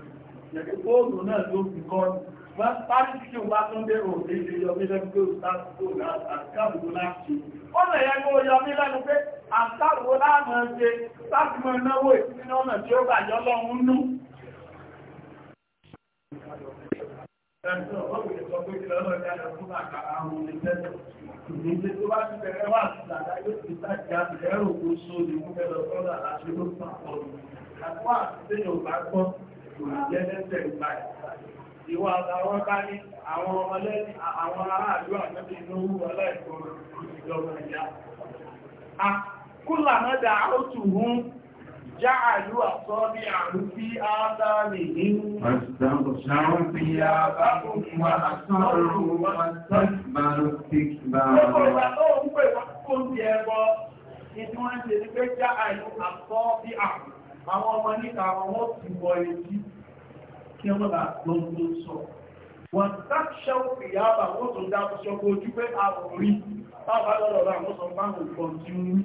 fóònù náà ló fi kọ́ Báyìí tí ó bá tún dé òde ilé yọmí lẹ́nu pé òtàkùn àkàbùkù láti. Ó lè yẹ kó yọmí lẹ́nu pé àkàbùkù láàmọ́ ṣe sáàtìmọ̀ náwó ìpínlẹ̀ ọ̀nà tí ó bà yọ lọ́run nú. Ẹ̀sùn ọ̀pọ̀ ìjọ pé kí lọ́rọ̀ jáde fún àkàrà àwọn olùtẹ́lẹ̀. Ìdíje tó bá ti bẹ̀rẹ̀ wà sí àdá yóò ti sáàjì àbẹ̀rẹ̀ òkú sóòdì fún ẹlọ́gọ́rọ̀ àṣẹ ló fún àpọ̀ kò ní jẹ́lẹ́sẹ̀ ìgbà ìwà àtàwọn ká ní àwọn ọmọlẹ́ni àwọn aráàlú àjọ́bí inú ọlẹ́ẹ̀kọ́ ìjọba ìyá kúlà náà dá àótù hún já àlú àtọ́ ní àrùn sí ádáàlì ní ṣàwọn fi àbá òun wà àtọ́ òun wà àtọ́ ìgbàlù sí ìgbàlù àwọn ọmọ níta wọn ti wọ etí kí wọ́n là lọ́dún sọ wọ́n dáṣẹ́ ìyá àbà wọ́n tó dábù ṣọ́kọ́ ojú pé àwòrí bábá lọ́dọ̀ rà wọ́n sọ fáwọn nǹkan tí ń rí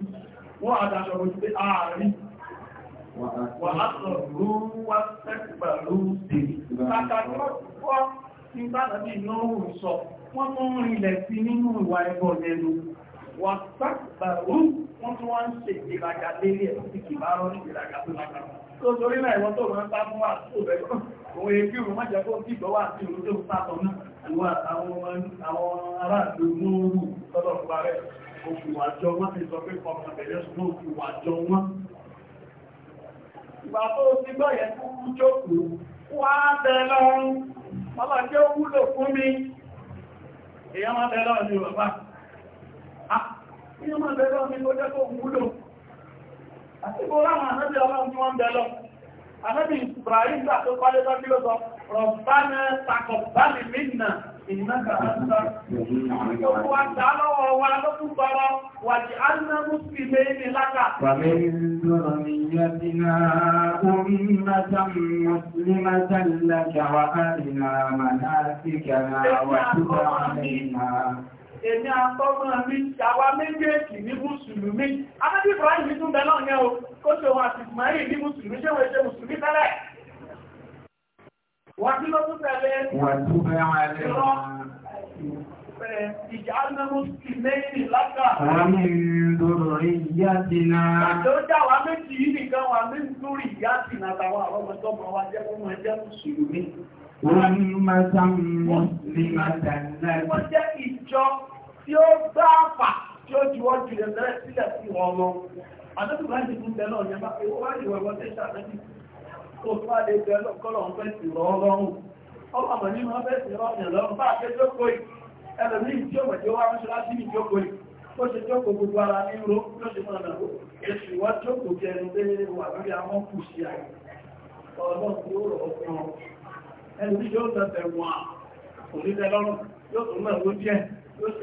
wọ́n àdáṣọ́ ojú pé ààrí wà á sọ lóòrùn wá sẹ́kùbà lóòrùn tèmi kàkàrí wọ́n ti fọ́ wà sáàbàrú wọ́n tún wá ń ṣe ìgbéraga lélẹ̀ tí kì bá rọ́ ìgbéraga tó lágbára tó torí náà ìwọ́n tó rọ́ ń bá mú wà tó bẹ̀rẹ̀ òun èébí òun mọ́jẹ́ kó tí ìgbọ́wà àti òun tó sátọ̀ náà àwọn aráàlú nóòrù tọ́lọ̀ fúnra rẹ̀ òfìwàjọ wọ́n ti sọ pé ọmọ bẹ̀rẹ̀ ṣùgbọ́n òfìwàjọ wọ́n ìgbà tó kí ó máa bẹ̀rẹ̀ ọmọ ìgbó jẹ́ kó wúlò àti bó ráwọn ànábì ọlọ́run tí wọ́n bẹ̀ lọ ànábì Ibrahim gbà tó pálé lọ kí ló sọ rọ̀bánẹ́ takọ̀bánì mìíràn ìnáka àtúntà wà dá lọ́wọ́ wa lọ́tún bọ́rọ̀ wà jí áná mùsùlùmí ní lákà Fàmí ìlúrọ̀ mi ọmọ èmi àtọ́gbọ́n mi àwa méjèèjì ní mùsùlùmí adájú Ibrahim tún bẹ náà yẹn o kó ṣe wọn àti Ismail ní mùsùlùmí ṣé wọ́n ṣe mùsùlùmí tẹ́lẹ̀ wọ́n tí ló tún tẹ̀lé Wọ́n mú máa sáàmù mọ́ ní máa dàgbà. Wọ́n jẹ́ ìjọ tí ó gbá àpà tí ó juwọ́ ju ẹ̀sẹ̀ sílẹ̀ sí wọn lọ. Àdókòwò láti tí ó wẹ̀ tí ó ní jókòó yìí. Ó ṣe jókòó gbogbo ara ní ró ló ṣe mọ́nà jẹ ẹnu pé wà lórí àwọn kù sí àyè. Ọlọ́run tí ó rọ̀ ọkàn. Ẹlòmíì yóò tẹ̀sẹ̀ wọn. Kò ní tẹ Yóò tún mọ̀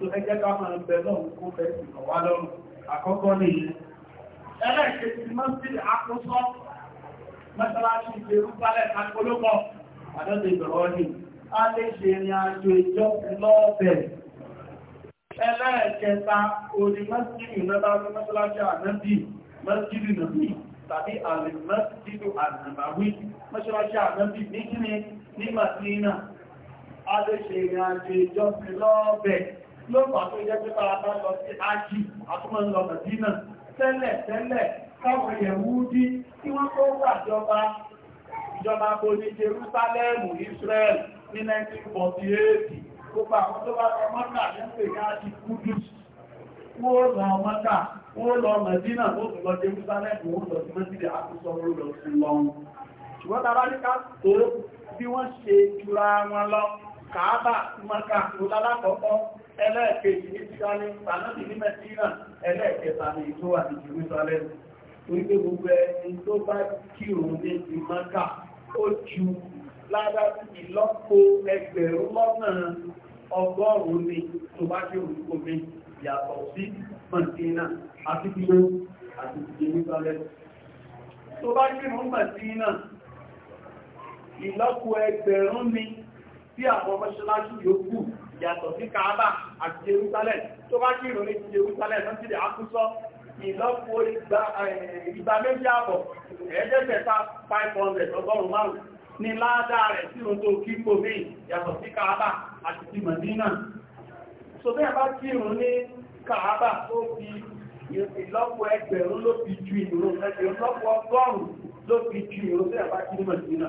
tó ẹgbẹ́ ká máa bẹ lọ́wọ́ kó fẹ́ sì kọ̀ wá lọ́rùn àkọ́kọ́ nìyí ẹlẹ́ẹ̀kejì mọ́sílì àkóso mọ́sálásí Jerúsálẹ̀ àkólókọ̀ àdọ́dọ̀ ìbẹ̀rọ̀ ní a lè ṣe ìrìn àjò ìjọ lọ́ọ̀bẹ̀ ẹlẹ́ẹ̀kẹta òní mọ́sílì lọ́bàrí mọ́sálásí ànábì mọ́sílì nàbí tàbí àlèmọ́sílì àdìmàwí mọ́sálásí ànábì ní kíni ní Màdínà a lè ṣe ìrìn àjò ìjọ lọ́ọ̀bẹ̀ ló fà tó yẹ pé bá a bá lọ sí ájì àtúmọ̀ ń lọ nàìjíríà tẹ́lẹ̀ tẹ́lẹ̀ káwọn Yẹ̀húdí tí wọ́n tó wàjọba ìjọba bo ní Jerúsálẹ́mù Israel ní 1948 gbogbo àwọn tó bá lọ mọ́tà ní pè ní ájì Kudus wọ́n lọ mọ́tà wọ́n lọ nàìjíríà tó tún lọ Jerúsálẹ́mù wọ́n lọ sí mẹ́sílẹ̀ àkúsọ lọ sí lọ́run ṣùgbọ́n tàbá ní ká tó bí wọ́n ṣe lọ ẹlẹ́ẹ̀kejì ní tíkání pànábì ní mẹ́sílá ẹlẹ́ẹ̀kẹta ní ìtò wà ní Jerusalem orílẹ̀ gbogbo ẹni tó bá kí òun dé ti mọ́ká ó ju ládá ìlọ́po ẹgbẹ̀rún lọ́nà ọgọ́rùn-ún ni tó bá kí òun kò mi yàtọ̀ sí mọ̀sílá àti kíló àti Jerusalem tó bá kí òun mọ̀sílá ìlọ́po ẹgbẹ̀rún ni tí àwọn mọ́ṣáláṣí yóò kù yàtọ̀ sí Kaaba àti Jerusalem tó bá kí ìròyìn ti Jerusalem lọ sí àkúsọ ìlọ́pọ̀ eh, ìgbà méjì àbọ̀ ẹ̀ẹ́dẹ́gbẹ̀ta 500 ọgọ́rùn márùn ní ládàá rẹ̀ sí ohun tó kí kò mí yàtọ̀ sí Kaaba àti ti Mọ̀dínà so bẹ́ẹ̀ bá kí ìrùn ní Kaaba tó fi ìlọ́pọ̀ ẹgbẹ̀rún ló fi ju ìrùn ìlọ́pọ̀ ọgọ́rùn ló fi ju ìrùn sí àbá kí ní Mọ̀dínà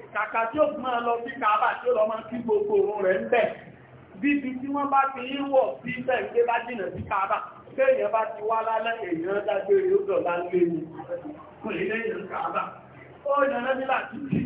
kàkà tí ó máa lọ sí kàábà tí ó lọ máa kí gbogbo òun rẹ̀ ń bẹ̀ bíbi tí wọ́n bá ti ń wọ̀ sí bẹ́ẹ̀ gbé bá jìnà sí kàábà pé èèyàn bá ti wá lálẹ́ èèyàn dágbére ó dọ̀lá ń lé ní kò lè lẹ́yìn kàábà ó yàn lẹ́bí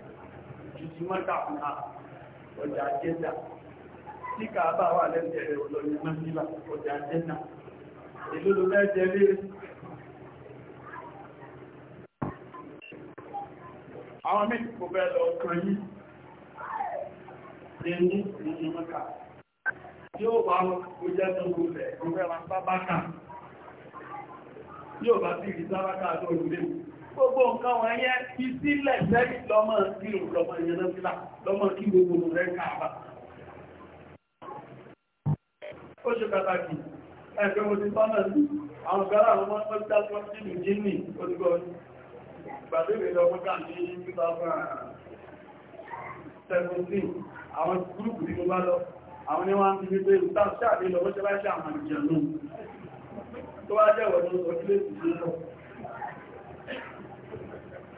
ju ti mọ́ta fún ha ọjà jẹ́dà tí kàábà wà lẹ́gbẹ̀ẹ́ olórin mọ́sílá ọjà jẹ́dà ìlúlù mẹ́jẹ lé àwọn méjì kò bẹ́ lọ kan yí lè ní ìlú mọ́ta tí ó bá kó jẹ́ tó gbogbo ẹ̀ gbogbo nǹkan wọn yẹ fi sílẹ̀ sẹ́yìn lọ́mọ kí lọ́mọ ìyẹnà sílá lọ́mọ kí gbogbo rẹ̀ káàbà ó ṣe pàtàkì ẹgbẹ́ mo ti tọ́nà sí àwọn gbára àwọn ọmọ ọmọ ìjà tó ti lù jí ní olùgbọ́ gbàdúrà lọ́mọ káàkiri ní 2017 àwọn gúrùpù tí mo bá lọ àwọn ni wọ́n ti fi pé ìtàṣà àdé lọ́wọ́ ṣe láṣà àwọn ìjẹ̀lú tó wá jẹ́wọ̀ ní ọdún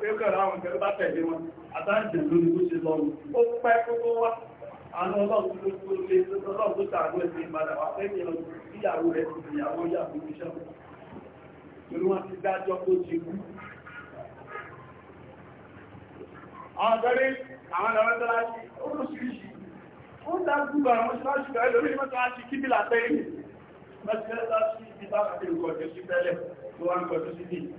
kẹ́kọ̀ọ́ àwọn ìkẹ́lú bá tẹ̀lé wọn àtàjẹ̀ lórí bó ṣe lọ́rùn ó pẹ́ kókó wá àwọn ọlọ́run tó tó lé ọlọ́run tó tààrù ẹ̀sìn ìbàdàn wà fẹ́ ìyàwó ìyàwó rẹ̀ ti ìyàwó ìyàwó iṣẹ́ pẹ̀lú wọn ti dájọ́ tó ti kú àwọn ọ̀dọ́rí àwọn ọ̀dọ́rí oríṣiríṣi ó dágbùgbà àwọn ṣíláṣì bẹ̀rẹ̀ lórí mọ́sánláṣì kíbìlà tẹ́yìn mọ́sánláṣì ìbára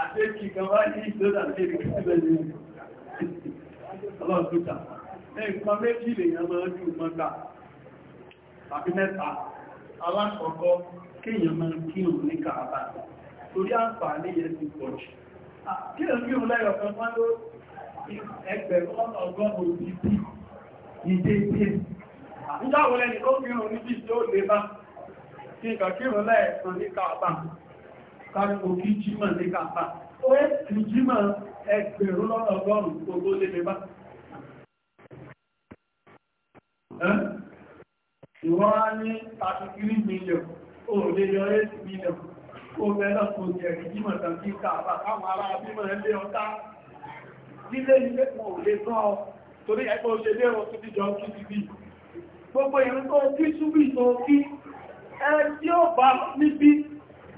àtẹ́kì kan wá ní ìdọ́dà sí ìrìnkúlẹ̀ yìí ọlọ́ọ̀tọ́ta nǹkan méjì lèyàn máa ní ìmọ́gbà tàbí mẹ́ta alákọ̀ọ́kọ́ kéèyàn máa kírun ní kààbà torí àǹfààní yẹn ti pọ̀ jù kéèyàn kírun lẹ́yọ̀ kan máa ló ẹgbẹ̀rún ọ̀nà ọgọ́rùn-ún ti bí ìdé dé nígbàwọlẹ́ni ó kírun níbi tí ó lè bá kí nǹkan kírun ní kààbà káàkó kí jímọ̀ ní kàfà ó yẹ kí jímọ̀ ẹgbẹ̀rún lọ́nà ọgọ́rùn-ún gbogbo lè lè bá ìwọ́n á ní 33 million ó lè yọ 8 million ó bẹ̀rẹ̀ kò jẹ̀rì jímọ̀ tàn kí kàfà káwọn ará bímọ̀ ẹgbẹ́ ọ̀tá nílé ilé kan ò lè tán ọ torí ẹgbẹ́ òṣèlé ọ̀ tó ti jọ kí ti bí gbogbo ìrìn tó kí súbì tí ó bá níbi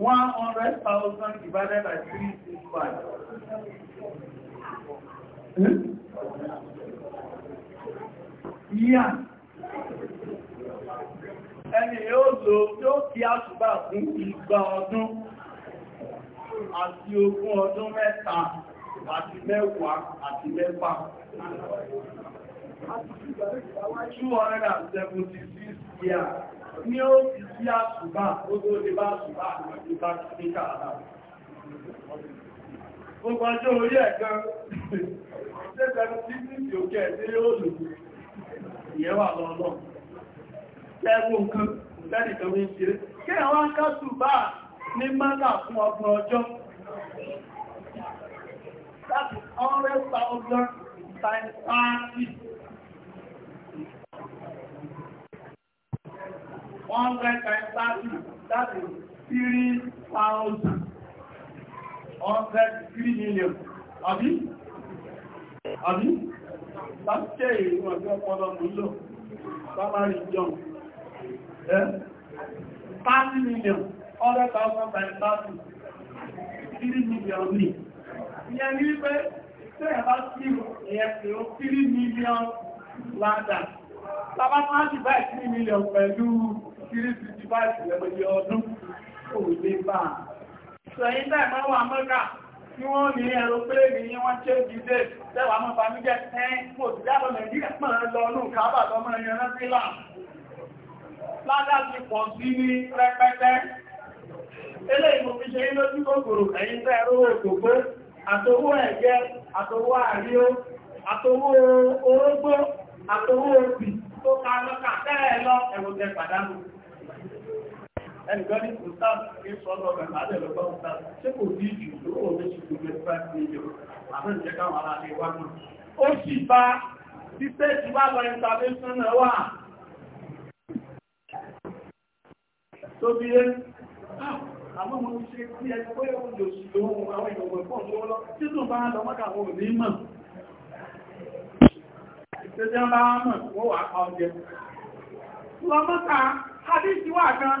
one hundred thousand divided by three six five. Hmm? Yeah. Ẹni yóò lò yóò kí àṣùgbà fún igba ọdún àti ogún ọdún mẹ́ta àti mẹ́wàá àti mẹ́fà. 276 years ní ó ti sí àṣùgbà gbogbo lè bá àṣùgbà àti bá ní kààdà. Gbogbo ọjọ́ orí ẹ̀gan, ṣẹ́gbẹ̀rún sí sí sí òkè ẹ̀sẹ̀ yóò lò ìyẹn wà lọ́lọ́. Kẹ́gbó nǹkan, lẹ́nì kan ní times 30 one hundred times thirty that is three thousand hundred three million àbí àbí láti ṣe ìlú ọjọ́ ọpọlọ nílò salary john ẹ́ thirty million hundred thousand times thirty three million ní ìyẹn ní wípé tí ẹ̀ bá sí ìyẹn tí ó three million ládàá tàbátàájì báyìí three million pẹ̀lú 365 lẹ́mọ̀ye ọdún kò lè bá a. sẹ̀yìn tẹ́ máa wà mọ́ká tí wọ́n ní ẹ̀rọ pléèmì yí wọ́n ṣe dìde tẹ́wàá mọ́ famíjẹ́ tẹ́ẹ̀ kò sí dábọ̀ nàìjíríà pọ̀ lọ nù kábà tọmọ ẹ̀yàn rántí là ládá ti pọ̀ sí ní rẹpẹtẹ eléyìí mo fi ṣe yí lójú kòkòrò ẹ̀yìn tẹ́ ẹ̀rọ òkòkó àtowó ẹ̀jẹ̀ àtowó àríó àtowó òbí tó ka lọ́kà tẹ́ẹ̀ lọ ẹ̀wọ̀n tẹ pàdánù ẹnìkan ní kùtàn ní sọ́nà ọ̀gá àdẹ̀ lọ́gbọ́n kùtàn ṣé kò sí ìjù lówó méjì tó gbé five million àbẹ́ ìjẹ́ káwọn ará lè wá náà ó sì bá títẹ́ ti wá lọ international wà tó bí é ah, àwọn ọmọ ṣe tí ẹ pé oúnjẹ òsì lóhun àwọn ìgbòmọ̀ ìpọ̀n tó lọ títún bá lọ mọ́kà wọn ò ní mọ̀ ìtẹ́jẹ́ bá mọ̀ wọ́n wà pa oúnjẹ lọ mọ́kà adé ti wà gan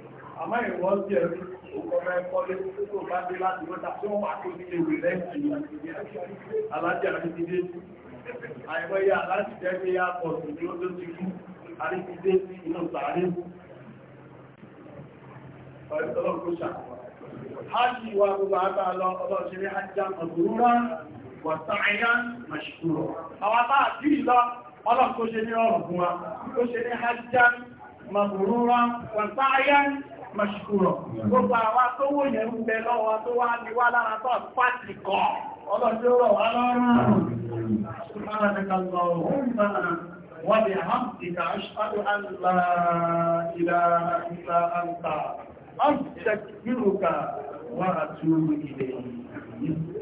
àmọ́ ìwọ́n sí ẹ̀rú òkọ̀ mẹ́kọ́lé tó bá dé láti wọ́ta tí wọ́n wà tó nílé ìwé lẹ́yìn alájẹ́ àrídídé àìwọ́yá aláti jẹ́gbé yá pọ̀ sí ní ó tó ti kú àrídídé sí inú sàárè ọ̀rẹ́tọ́lọ́gbọ́sà hajji wa gbogbo àtà lọ ọlọ́ṣẹ́rẹ́ hajjá mọ̀gbòrúwá wọ̀tàáyá màṣìkúrọ̀ àwọn àtà àti ìlọ ọlọ́kọ́ṣẹ́ ní ọ̀rùn fún mọ̀ṣùkúrọ̀. Gbogbo àwa tó wò yẹn ń bẹ lọ́wọ́ tó wá ní wá lára tó pàtì kọ́. Ọlọ́dún rọ̀ wá lọ́rùn. وبحمدك أشهد أنت أستكبرك وأتوب